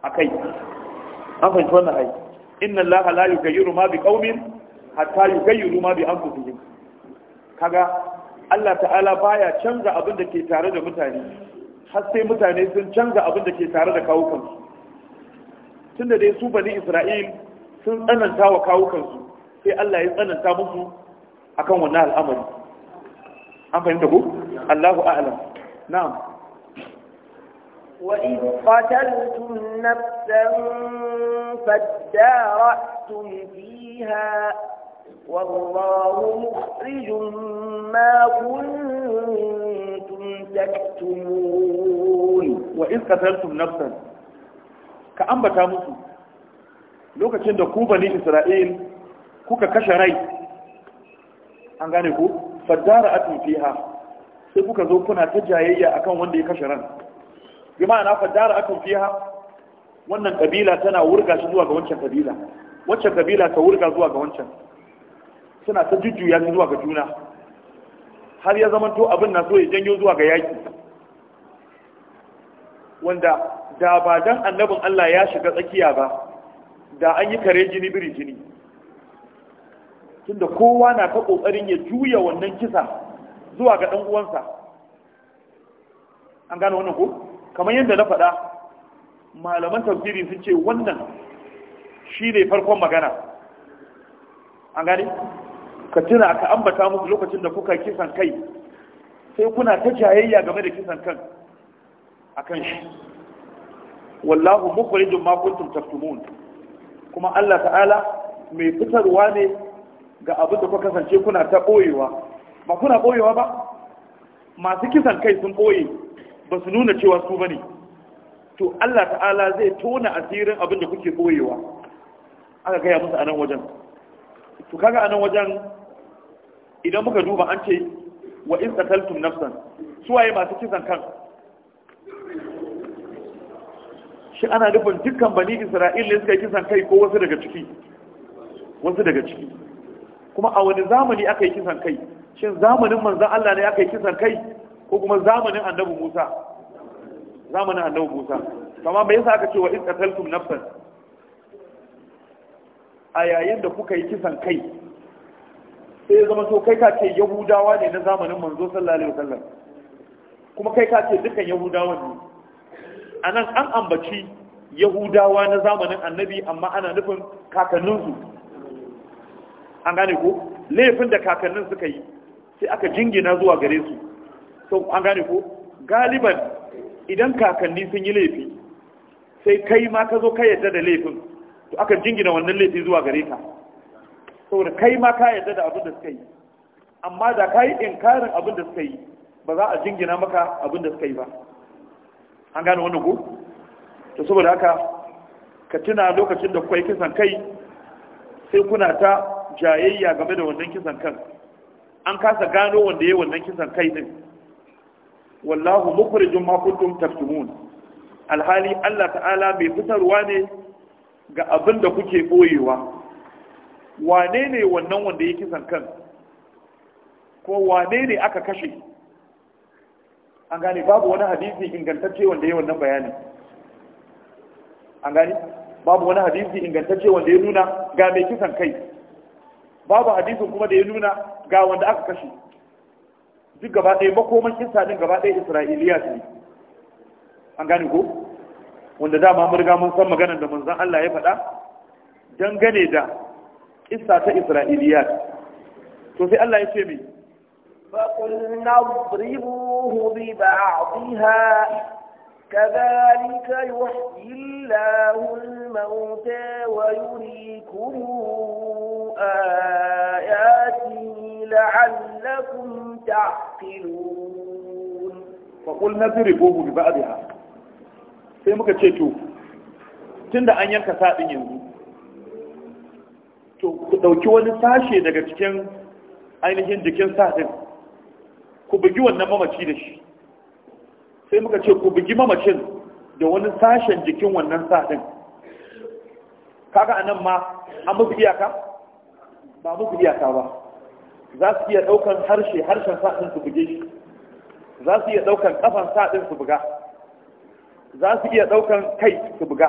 a kai. an fahimci wannan ai inna Allah la yughayyiru ma biqaumin hatta yughayyiru ma bi anfusihim kaga Allah ta'ala baya canza abin da ke tare da mutane har sai mutane sun canza abin da ke tare da kawo kansu tunda dai su bani Isra'il sun tsananta wa kawo kansu sai Allah ya tsananta musu akan wannan al'amari an fahimta ko Allahu a'lam na'am wa in qataltum nafsan fadara'tum fiha والله مخرج ما كنتم تكتمون وإذ قتلتم نفسا كأن بتامسوا لو كان دكوبا لإسرائيل كوكا كشري أنغانيكو فدار أتم فيها sai kuka zo kuna ta jayayya akan wanda ya kashe ran bi ma'ana fa dara akan fiha wannan kabila tana wurga shi zuwa ga wancan kabila wancan kabila ta wurga zuwa ga wancan suna ta jujjuya shi zuwa ga juna har ya zama to abin na so ya janyo zuwa ga yaki wanda da ba dan annabin Allah ya shiga tsakiya ba da an yi kare jini biri jini tunda kowa na ta kokarin ya juya wannan kisa zuwa ga ɗan uwansa an gane wannan ko kamar yadda na faɗa malaman tafsiri sun ce wannan shi ne farkon magana an gane ka tuna ka ambata musu lokacin da kuka kisan kai sai kuna ta jayayya game da kisan kan a kan shi wallahu mukhrijum ma kuntum taftumun kuma Allah ta'ala mai fitarwa ne ga abin da kuka kasance kuna ta boyewa ba kuna boyewa ba masu kisan kai sun boye ba su nuna cewa su bane to Allah ta'ala zai tona asirin abin da kuke boyewa aka gaya musu a nan wajen to kaga a nan wajen idan muka duba an ce wa in qataltum nafsan suwaye masu kisan kan shi ana nufin dukkan bani isra'ila suka kisan kai ko wasu daga ciki wasu daga ciki kuma a wani zamani aka yi kisan kai shin zamanin manzan Allah ne aka yi kisan kai ko kuma zamanin annabi Musa zamanin annabi Musa kamar me yasa aka ce wa in qataltum nafsan a yayin da kuka yi kisan kai sai zama to kai ka ce yahudawa ne na zamanin manzo sallallahu alaihi wasallam kuma kai ka ce dukan yahudawa ne anan an ambaci yahudawa na zamanin annabi amma ana nufin kakanninsu an gane ko laifin da kakannin suka yi sai aka jingina zuwa gare su sau an gane ko galiban idan kakanni sun yi laifi sai kai ma ka zo ka yadda da laifin to aka jingina wannan laifi zuwa gare ka saboda kai ma ka yadda da abin da suka yi amma da ka yi inkarin abin da suka yi ba za a jingina maka abin da suka yi ba an gane wannan ko to saboda haka ka tuna lokacin da kwai kisan kai sai kuna ta jayayya game da wannan kisan kan an kasa gano wanda ya wannan kisan kai din wallahu mukhrijum ma kuntum taftumun alhali Allah ta'ala mai fitarwa ne ga abin da kuke boyewa wane ne wannan wanda ya kisan kan ko wane ne aka kashe an gane babu wani hadisi ingantacce wanda ya wannan bayanin an gane babu wani hadisi ingantacce wanda ya nuna ga mai kisan kai babu hadisin kuma da ya nuna ga wanda aka kashe duk gaba ɗaya makoman kisa ɗin gaba ɗaya isra'iliya ne an gane ko wanda dama mun riga mun san maganar da manzon Allah ya faɗa dangane da kisa ta isra'iliya to sai Allah ya ce mai فقلنا اضربوه ببعضها كذلك يحيي الله الموتى ويريكم آياته لعلكم تعقلون فقل نضربوه ببعضها sai muka ce to da an yanka saɗin yanzu to ku ɗauki wani sashe daga cikin ainihin jikin sadin ku bugi wannan mamaci da shi sai muka ce ku bugi mamacin da wani sashen jikin wannan sadin kaga anan ma an musu iyaka ba musu iyaka ba za su iya ɗaukan harshe harshen saɗin su buge shi za su iya ɗaukan ƙafan saɗin su buga za su iya ɗaukan kai su buga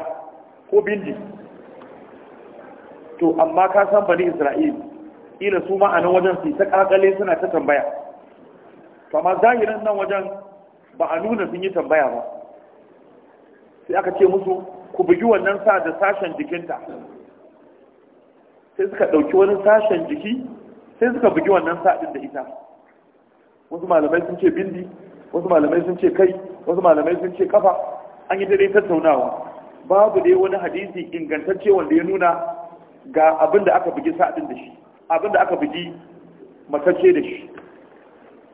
ko bindi to amma ka san bani isra'il ila su ma'anin wajen su ta ƙaƙale suna ta tambaya to amma zahirin nan wajen ba a nuna sun yi tambaya ba sai aka ce musu ku bugi wannan sa da sashen jikinta sai suka ɗauki wani sashen jiki sai suka bugi wannan sa'adin da ita wasu malamai sun ce bindi wasu malamai sun ce kai wasu malamai sun ce kafa an yi dare tattaunawa babu dai wani hadisi ingantacce wanda ya nuna ga abin da aka bugi sa'adin da shi abin da aka bugi matacce da shi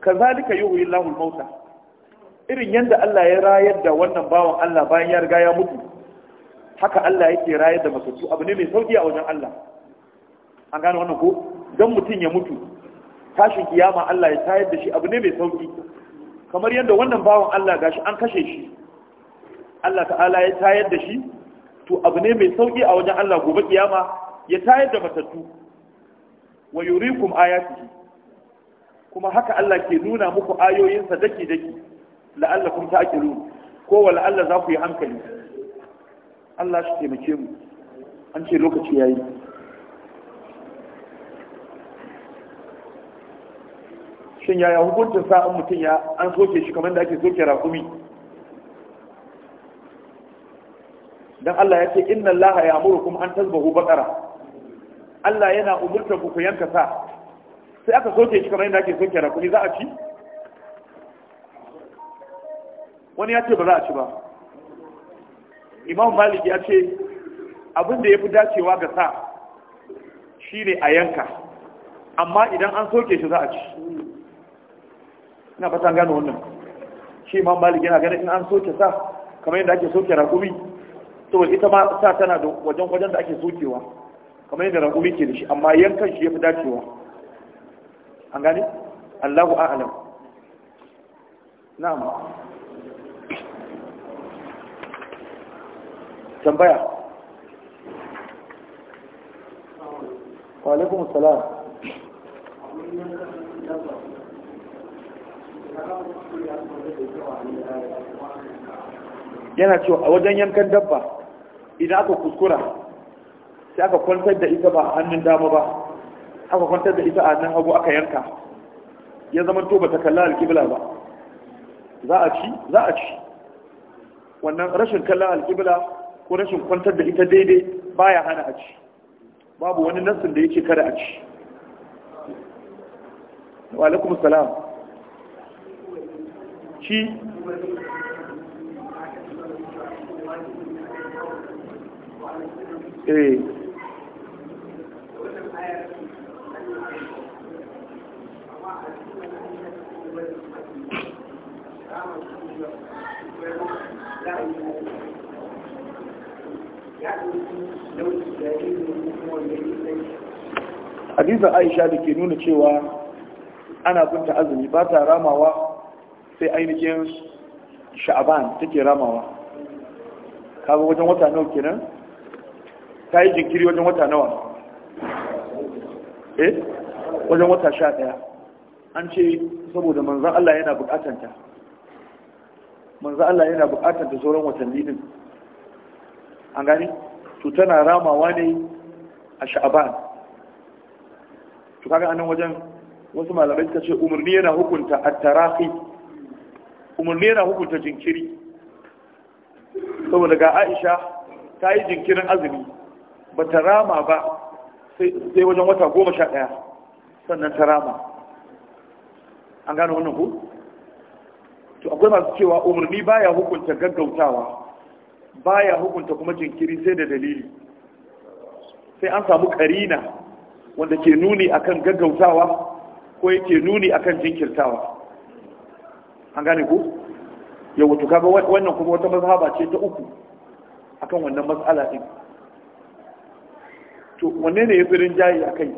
kazalika yuhyi Allahul mauta irin yadda Allah ya rayar da wannan bawan Allah bayan ya riga ya mutu haka Allah yake rayar da matattu abu ne mai sauki a wajen Allah an gane wannan ko don mutum ya mutu tashin kiyama Allah ya tayar da shi abu ne mai sauki kamar yadda wannan bawan Allah gashi an kashe shi Allah ta'ala ya tayar da shi to abu ne mai sauki a wajen Allah gobe kiyama ya tayar da matattu wa yurikum ayatihi kuma haka Allah ke nuna muku ayoyinsa daki daki kun ta'qilun ko wa la'alla za ku yi hankali Allah shi taimake mu an ce lokaci yayi shin yaya hukuncin sa'an mutum ya an soke shi kamar da ake soke rakumi Don Allah ya ce inna Allah ya kuma an tazbahu bakara Allah yana umurta ku ku yanka sa sai aka soke shi kamar da ake soke rakumi za a ci wani ya ce ba za a ci ba imam malik ya ce abin da ya fi dacewa ga sa shine a yanka amma idan an soke shi za a ci ina fata gano wannan shi imam malik yana ganin in an soke sa kamar yadda ake soke rakumi to ita ma sa tana da wajen wajen da ake sokewa kamar yadda rakumi ke da shi amma yankan shi ya fi dacewa an gane allahu a'alam na'am tambaya wa alaikum salaam. yana cewa a wajen yankan dabba idan aka kuskura sai aka kwantar da ita ba hannun dama ba aka kwantar da ita a nan hagu aka yanka ya zama to bata kalla alkibla ba za a ci za a ci wannan rashin kalla alkibla ko rashin kwantar da ita daidai baya hana a ci babu wani nassin da yake kada a ci wa alaikum salam ci eh aisha da ke nuna cewa ana binta azumi ba ta ramawa sai ainihin sha'aban take ramawa kaga wajen wata nawa kenan ta yi jinkiri wajen wata nawa eh wajen wata sha daya an ce saboda manzan Allah yana bukatanta manzan Allah yana bukatanta sauran watanni din an gani to tana ramawa ne a sha'aban to kaga anan wajen wasu malamai suka ce umarni yana hukunta at-tarahi umarni yana hukunta jinkiri saboda ga aisha ta yi jinkirin azumi ba ta rama ba sai wajen wata goma sha ɗaya sannan ta rama an gano wannan ku? to akwai masu cewa umarni baya hukunta gaggautawa baya hukunta kuma jinkiri sai da dalili sai an samu karina wanda ke nuni akan gaggautawa ko yake nuni akan jinkirtawa an gane ku yau to kaga wannan kuma wata mazhaba ce ta uku akan wannan matsala din to wanne ne ya fi rinjaye a kai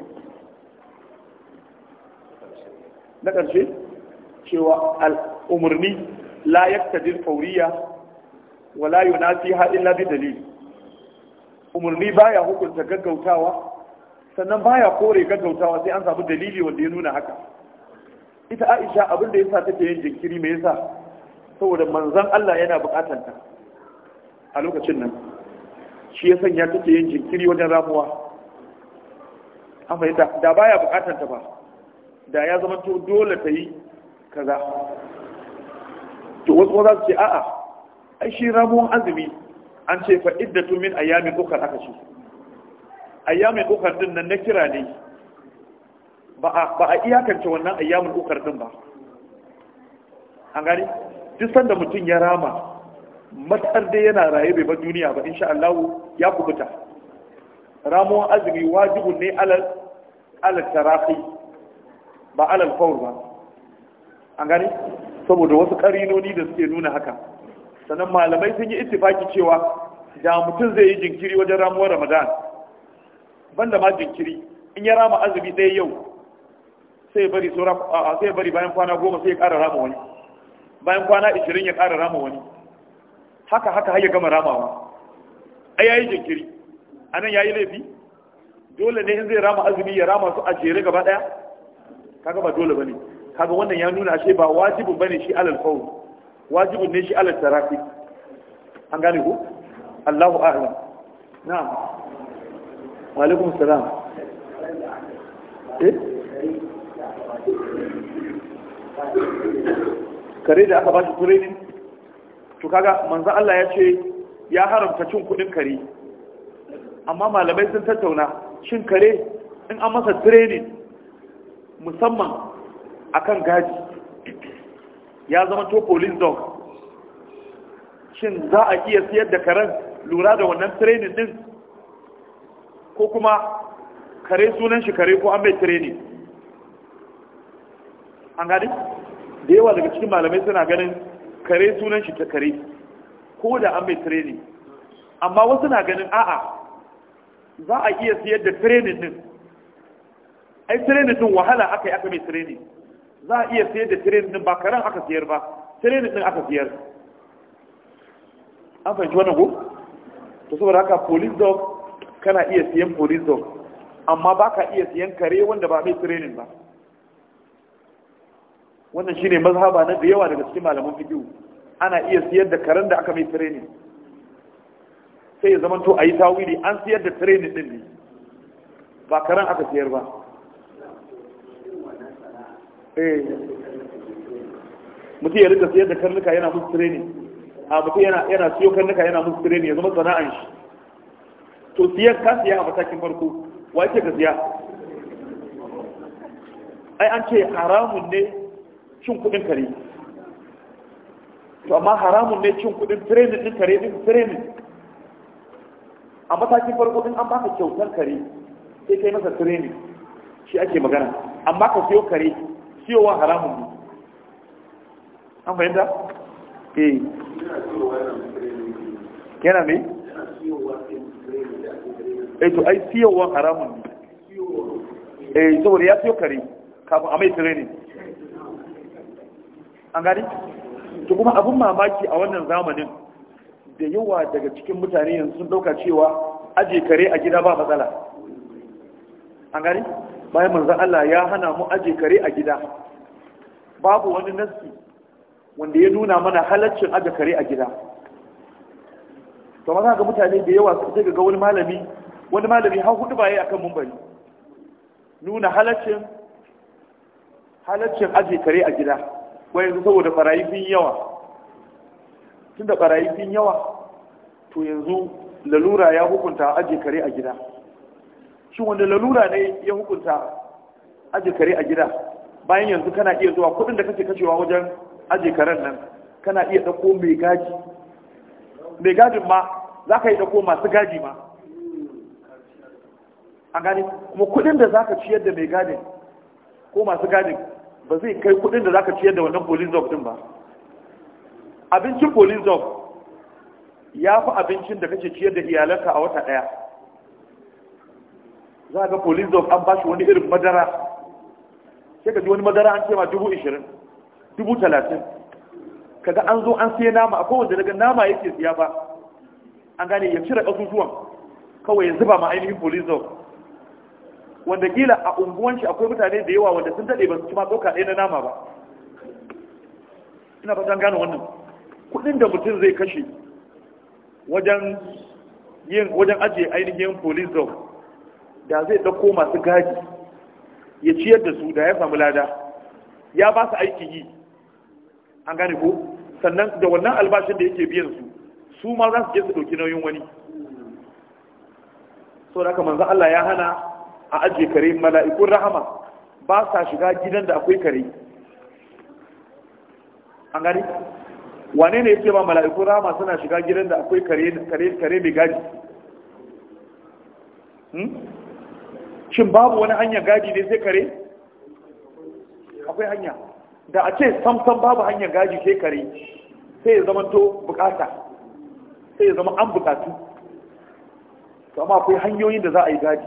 na ƙarshe cewa al'umarni la yaktadir fawriya Wala wa la yunafi ha illa bi dalil umarni baya hukunta gaggautawa sannan baya kore gaggautawa sai an samu dalili wanda ya nuna haka ita aisha abinda yasa take yin jinkiri me yasa saboda manzon Allah yana bukatar ta a lokacin nan shi ya sanya take yin jinkiri wajen ramuwa amma fahimta da baya bukatar ta ba da ya zama to dole ta yi kaza to wasu kuma za su ce a'a ai shi ramuwan azumi an ce fa iddatu min ayyamin ukhra aka ce ayyamin ukhra din nan na kira ne ba a iyakance wannan ayyamin ukar din ba an gani duk sanda mutum ya rama matar dai yana raye bai ba duniya ba insha Allah ya kubuta ramuwan azumi wajibu ne alal alal ba alal fawr ba an gani saboda wasu karinoni da suke nuna haka sannan malamai sun yi ittifaki cewa da mutum zai yi jinkiri wajen ramuwar Ramadan banda ma jinkiri in ya rama azumi dai yau sai bari sura sai bari bayan kwana goma sai ya ƙara rama wani bayan kwana 20 ya ƙara rama wani haka haka har ya gama ramawa ai yayi jinkiri anan yayi laifi dole ne in zai rama azumi ya rama su a jere gaba daya kaga ba dole bane kaga wannan ya nuna ashe ba wajibin bane shi alal fawu wajibin ne shi alal tarafi an gane ku Allahu a'lam na'am wa alaikum salam eh kare da aka ba shi training to kaga manzo Allah ya ce ya haramta cin kudin kare amma malamai sun tattauna shin kare in an masa training musamman akan gaji ya zama to police dog shin za a iya siyar da karen lura da wannan training din ko kuma kare sunan shi kare ko an bai training an gani da yawa daga cikin malamai suna ganin kare sunan shi ta kare ko da an mai training amma wasu na ganin a'a za a iya siyar da training din ai training din wahala aka yi aka mai training za a iya siyar da training din ba karen aka siyar ba training din aka siyar an fahimci wannan ko to saboda haka police dog kana iya siyan police dog amma baka iya siyan kare wanda ba mai training ba wannan shine mazhaba na da yawa daga cikin malaman fiqh ana iya siyar da karen da aka mai training sai ya zamanto ayi tawili an siyar da training din ne ba karen aka siyar ba eh mutum ya rika siyar da karnuka yana musu training a mutum yana yana siyo karnuka yana musu training ya zama sana'an shi to siyar ka siya a matakin farko wa yake ka siya ai an ce haramun ne cin kudin kare to amma haramun ne cin kudin training ɗin kare ɗin training a matakin farko din an baka kyautar kare sai kai masa tireni shi ake magana amma ka siyo kare siyowa haramun ne an fahimta? eh yana me? eh to ai siyowa haramun ne eh saboda ya siyo kare kafin a mai training an gani to kuma abin mamaki a wannan zamanin da yawa daga cikin mutane yanzu sun dauka cewa aje kare a gida ba matsala an gani bayan manzan Allah ya hana mu aje kare a gida babu wani nassi wanda ya nuna mana halaccin aje kare a gida to maza ga mutane da yawa su sai ga wani malami wani malami har hudu ba yayi akan mumbari nuna halaccin halaccin aje kare a gida wai yanzu saboda barayi sun yawa tun da barayi sun yawa to yanzu lalura ya hukunta aje kare a gida shi wanda lalura ne ya hukunta aje kare a gida bayan yanzu kana iya zuwa kudin da kake kashewa wajen aje karen nan kana iya dauko mai gaji mai gajin ma za ka yi dauko masu gaji ma a gani kuma kudin da za ka ciyar da mai gadin ko masu gajin ba zai kai kudin da zaka ciyar da wannan police dog din ba abincin police dog ya fi abincin da kake ciyar da iyalanka a wata daya za ga police dog an bashi wani irin madara sai ka ji wani madara an ce ma dubu ishirin dubu talatin kaga an zo an sai nama a na daga nama yake siya ba an gane ya cire ƙasusuwan kawai ya zuba ma ainihin police dog wanda kila a unguwanci akwai mutane da yawa wanda sun daɗe ba su kuma ma ɗauka ɗaya na nama ba ina fatan gane wannan kuɗin da mutum zai kashe wajen yin wajen ajiye ainihin police zone da zai ɗauko masu gaji ya ciyar da su da ya samu lada ya ba su aiki yi an gane ko sannan da wannan albashin da yake biyan su su ma za su je su ɗauki nauyin wani so da haka manzo Allah ya hana a ajiye kare mala'ikun rahama ba sa shiga gidan da akwai kare an gani wane ne yake ba mala'ikun rahama suna shiga gidan da akwai kare mai gadi hmm? shin babu wani hanyar gadi ne sai kare akwai hanya da a ce samsam babu hanyar gadi sai kare sai ya zama to bukata sai ya zama an bukatu amma akwai hanyoyin da za a yi gadi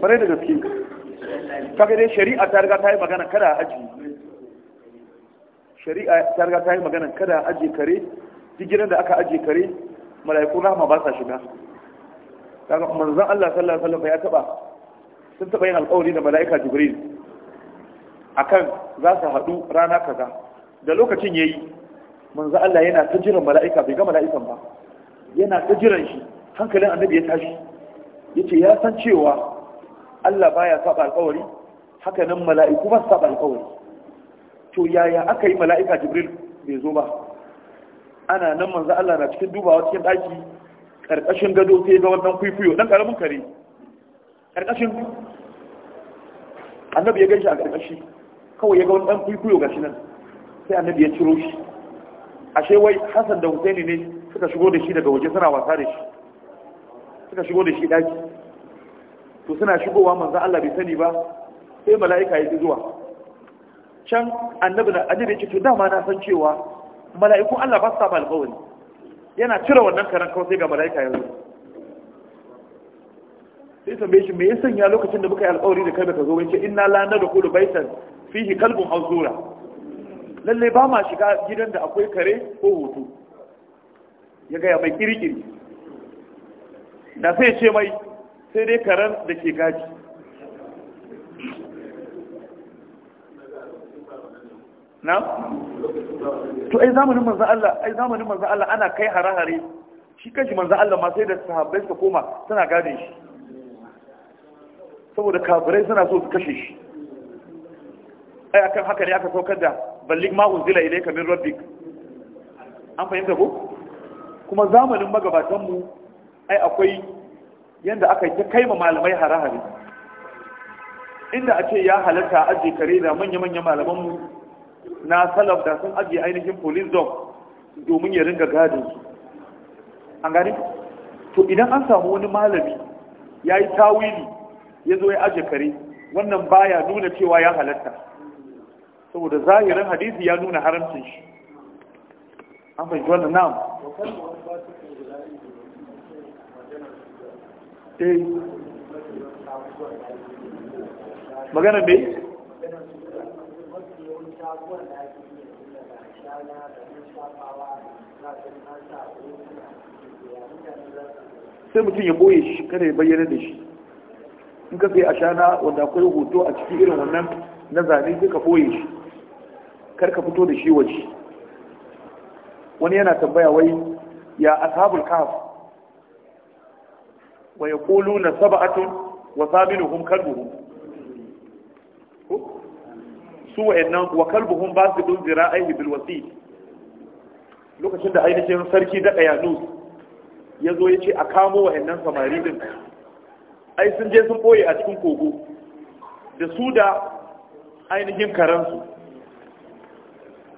kwarai da gaske kaga dai shari'a ta riga ta yi magana kada a aji shari'a ta riga ta yi magana kada aji kare duk gidan da aka aji kare mala'iku rahama ba sa shiga kaga manzon Allah sallallahu alaihi wasallam ya taba sun taba yin alƙawari da mala'ika Jibril akan za su haɗu rana kaza da lokacin yayi manzon Allah yana ta jiran mala'ika bai ga mala'ikan ba yana ta jiran shi hankalin annabi ya tashi yace ya san cewa Allah baya saba alƙawari haka nan mala'iku ba saba alƙawari to yaya aka yi mala'ika Jibril bai zo ba ana nan manzo Allah na cikin dubawa cikin daki karkashin gado sai ga wannan kuikuyo dan karamin kare karkashin annabi ya ga shi a karkashi kawai ya ga wannan dan kuikuyo gashi nan sai annabi ya ciro shi ashe wai Hassan da Husaini ne suka shigo da shi daga waje suna wasa da shi suka shigo da shi daki to suna shigowa manzan Allah bai sani ba sai mala'ika ya zuwa can annabi da annabi ce to dama na san cewa mala'iku Allah ba su taɓa alƙawari yana cire wannan karan kawai sai ga mala'ika ya zo sai tambaye shi me ya sanya lokacin da muka yi alƙawari da kai baka zo wace inna la nadkhulu baitan fihi kalbun auzura Lallai ba ma shiga gidan da akwai kare ko hoto ya gaya ya mai kirkiri da sai ce mai sai dai karar da ke gaji na? to ai zamanin manzan Allah ai zamanin manzan Allah ana kai hare-hare shi kashi manzan Allah ma sai da sahabbai su koma suna gadin shi saboda kafirai suna so su kashe shi ai akan haka ne aka saukar da ballik ma zila ilai kamar rabbik an fahimta ko kuma zamanin magabatanmu ai akwai yadda aka yi kai ma malamai hare-hare inda a ce ya halatta ajiye kare da manya-manya malamanmu na salaf da sun ajiye ainihin police dog domin ya ringa gadon su an gani to idan an samu wani malami ya yi tawili ya zo ya ajiye kare wannan baya nuna cewa ya halatta saboda zahirin hadisi ya nuna haramcin shi an fahimci wannan na'am eh magana me sai mutum ya boye shi kada ya bayyana da shi in ka sai ashana wanda akwai hoto a cikin irin wannan na zane sai ka boye shi kar ka fito da shi waje wani yana tambaya wai ya ashabul kafa wa yaquluna sab'atun wa thaminuhum kalbuhum su wa'annan wa kalbuhum basidun zira'ihi bil wasi lokacin da ainihin sarki da Yanus, ya zo ya ce a kamo wa'annan samari din ai sun je sun ɓoye a cikin kogo da su da ainihin karansu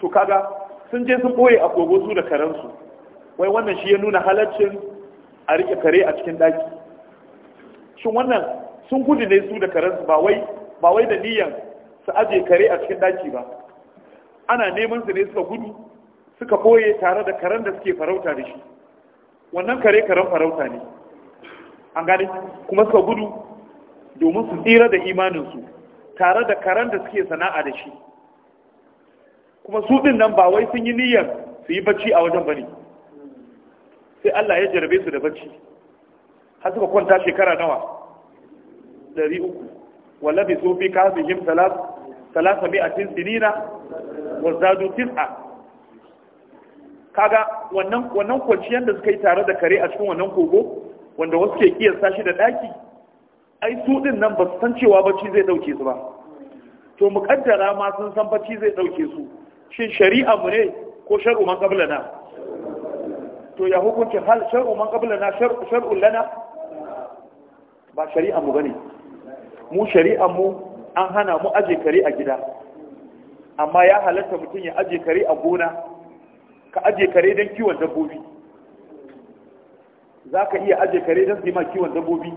to kaga sun je sun ɓoye a kogo su da karansu wai wannan shi ya nuna halaccin a rike kare a cikin daki shin wannan sun gudu ne su da karensu ba wai ba wai da niyan su aje kare a cikin daki ba ana neman su ne suka gudu suka boye tare da karen da suke farauta da shi wannan kare karen farauta ne an gane kuma suka gudu domin su tsira da imaninsu tare da karen da suke sana'a da shi kuma su din nan ba wai sun yi niyyar su yi bacci a wajen bane sai Allah ya jarabe su da bacci har suka kwanta shekara nawa ɗari uku wallafi su fi kafihim talata mai a cin sinina wazadu tis'a kaga wannan wannan kwanciyar da suka yi tare da kare a cikin wannan kogo wanda wasu ke kiyasta shi da daki ai su din nan ba su san cewa bacci zai dauke su ba to muƙaddara ma sun san bacci zai dauke su shin shari'a mu ne ko shar'u man na? to ya hukunci hal shar'u man na shar'u lana ba shari'a mu bane mu shari'a mu an hana mu aje kare a gida amma ya halatta mutum ya aje kare a gona ka aje kare don kiwon dabbobi za ka iya aje kare don zima kiwon dabbobi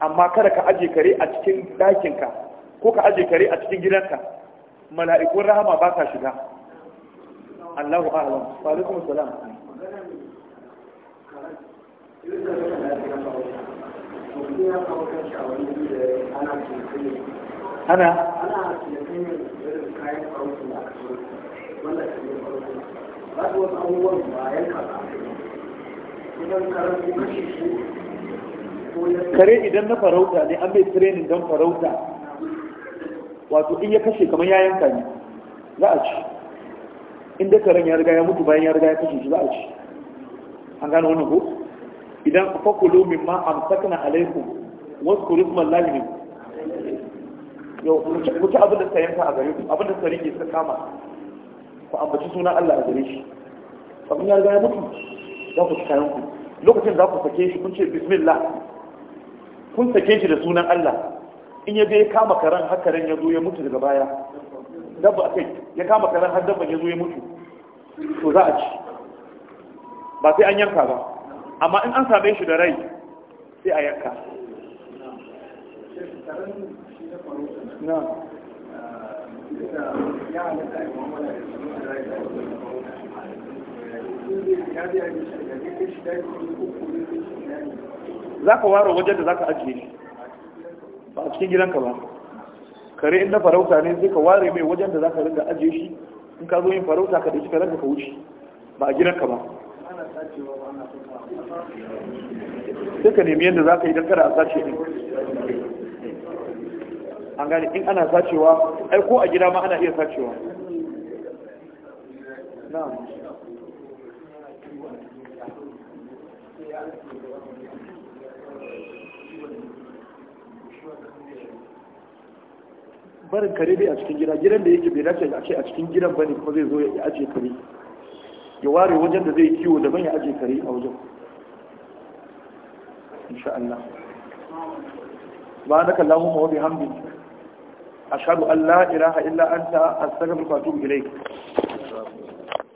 amma kada ka aje kare a cikin ɗakinka ko ka aje kare a cikin gidanka mala'ikun rahama ba ka shiga Allahu a'lam wa alaikum salam ana kare idan na farauta ne an bai tirenin don farauta wato in ya kashe kamar ya yanka ne za a ci inda karen ya riga ya mutu bayan ya riga ya kashe shi za a ci an gano wannan ko idan fa min ma amsakna alaikum wasu isma llahi min yau ku ci abin da suka yanka a gare ku abin da suka rike sai kama ku ambaci sunan Allah a gare shi abin ya riga ya mutu za ku ci ku lokacin za ku sake shi kun ce bismillah kun sake shi da sunan Allah in ya je ya kama karen haka karen ya zo ya mutu daga baya dabba akai ya kama karen har dabban ya zo ya mutu to za a ci ba sai an yanka ba amma in an same shi da rai sai a yanka za ka ware wajen da za ka ajiye shi ba a cikin gidanka ba kare inda farauta ne zai ka ware mai wajen da za ka rinda ajiye shi in ka zo yin farauta ka da shi, ka rinda ka wuce ba a gidanka ba sai ka nemi yadda za ka yi don kada a sace ne an gane in ana sacewa ai ko a gida ma ana iya sacewa barin kare dai a cikin gida gidan da yake bai dace a ce a cikin gidan bane kuma zai zo ya ajiye kare ya ware wajen da zai kiwo daban ya ajiye kare a wajen insha Allah ba na kallahu ma wabi hamdi ashhadu an la ilaha illa anta astaghfiruka wa atubu ilayk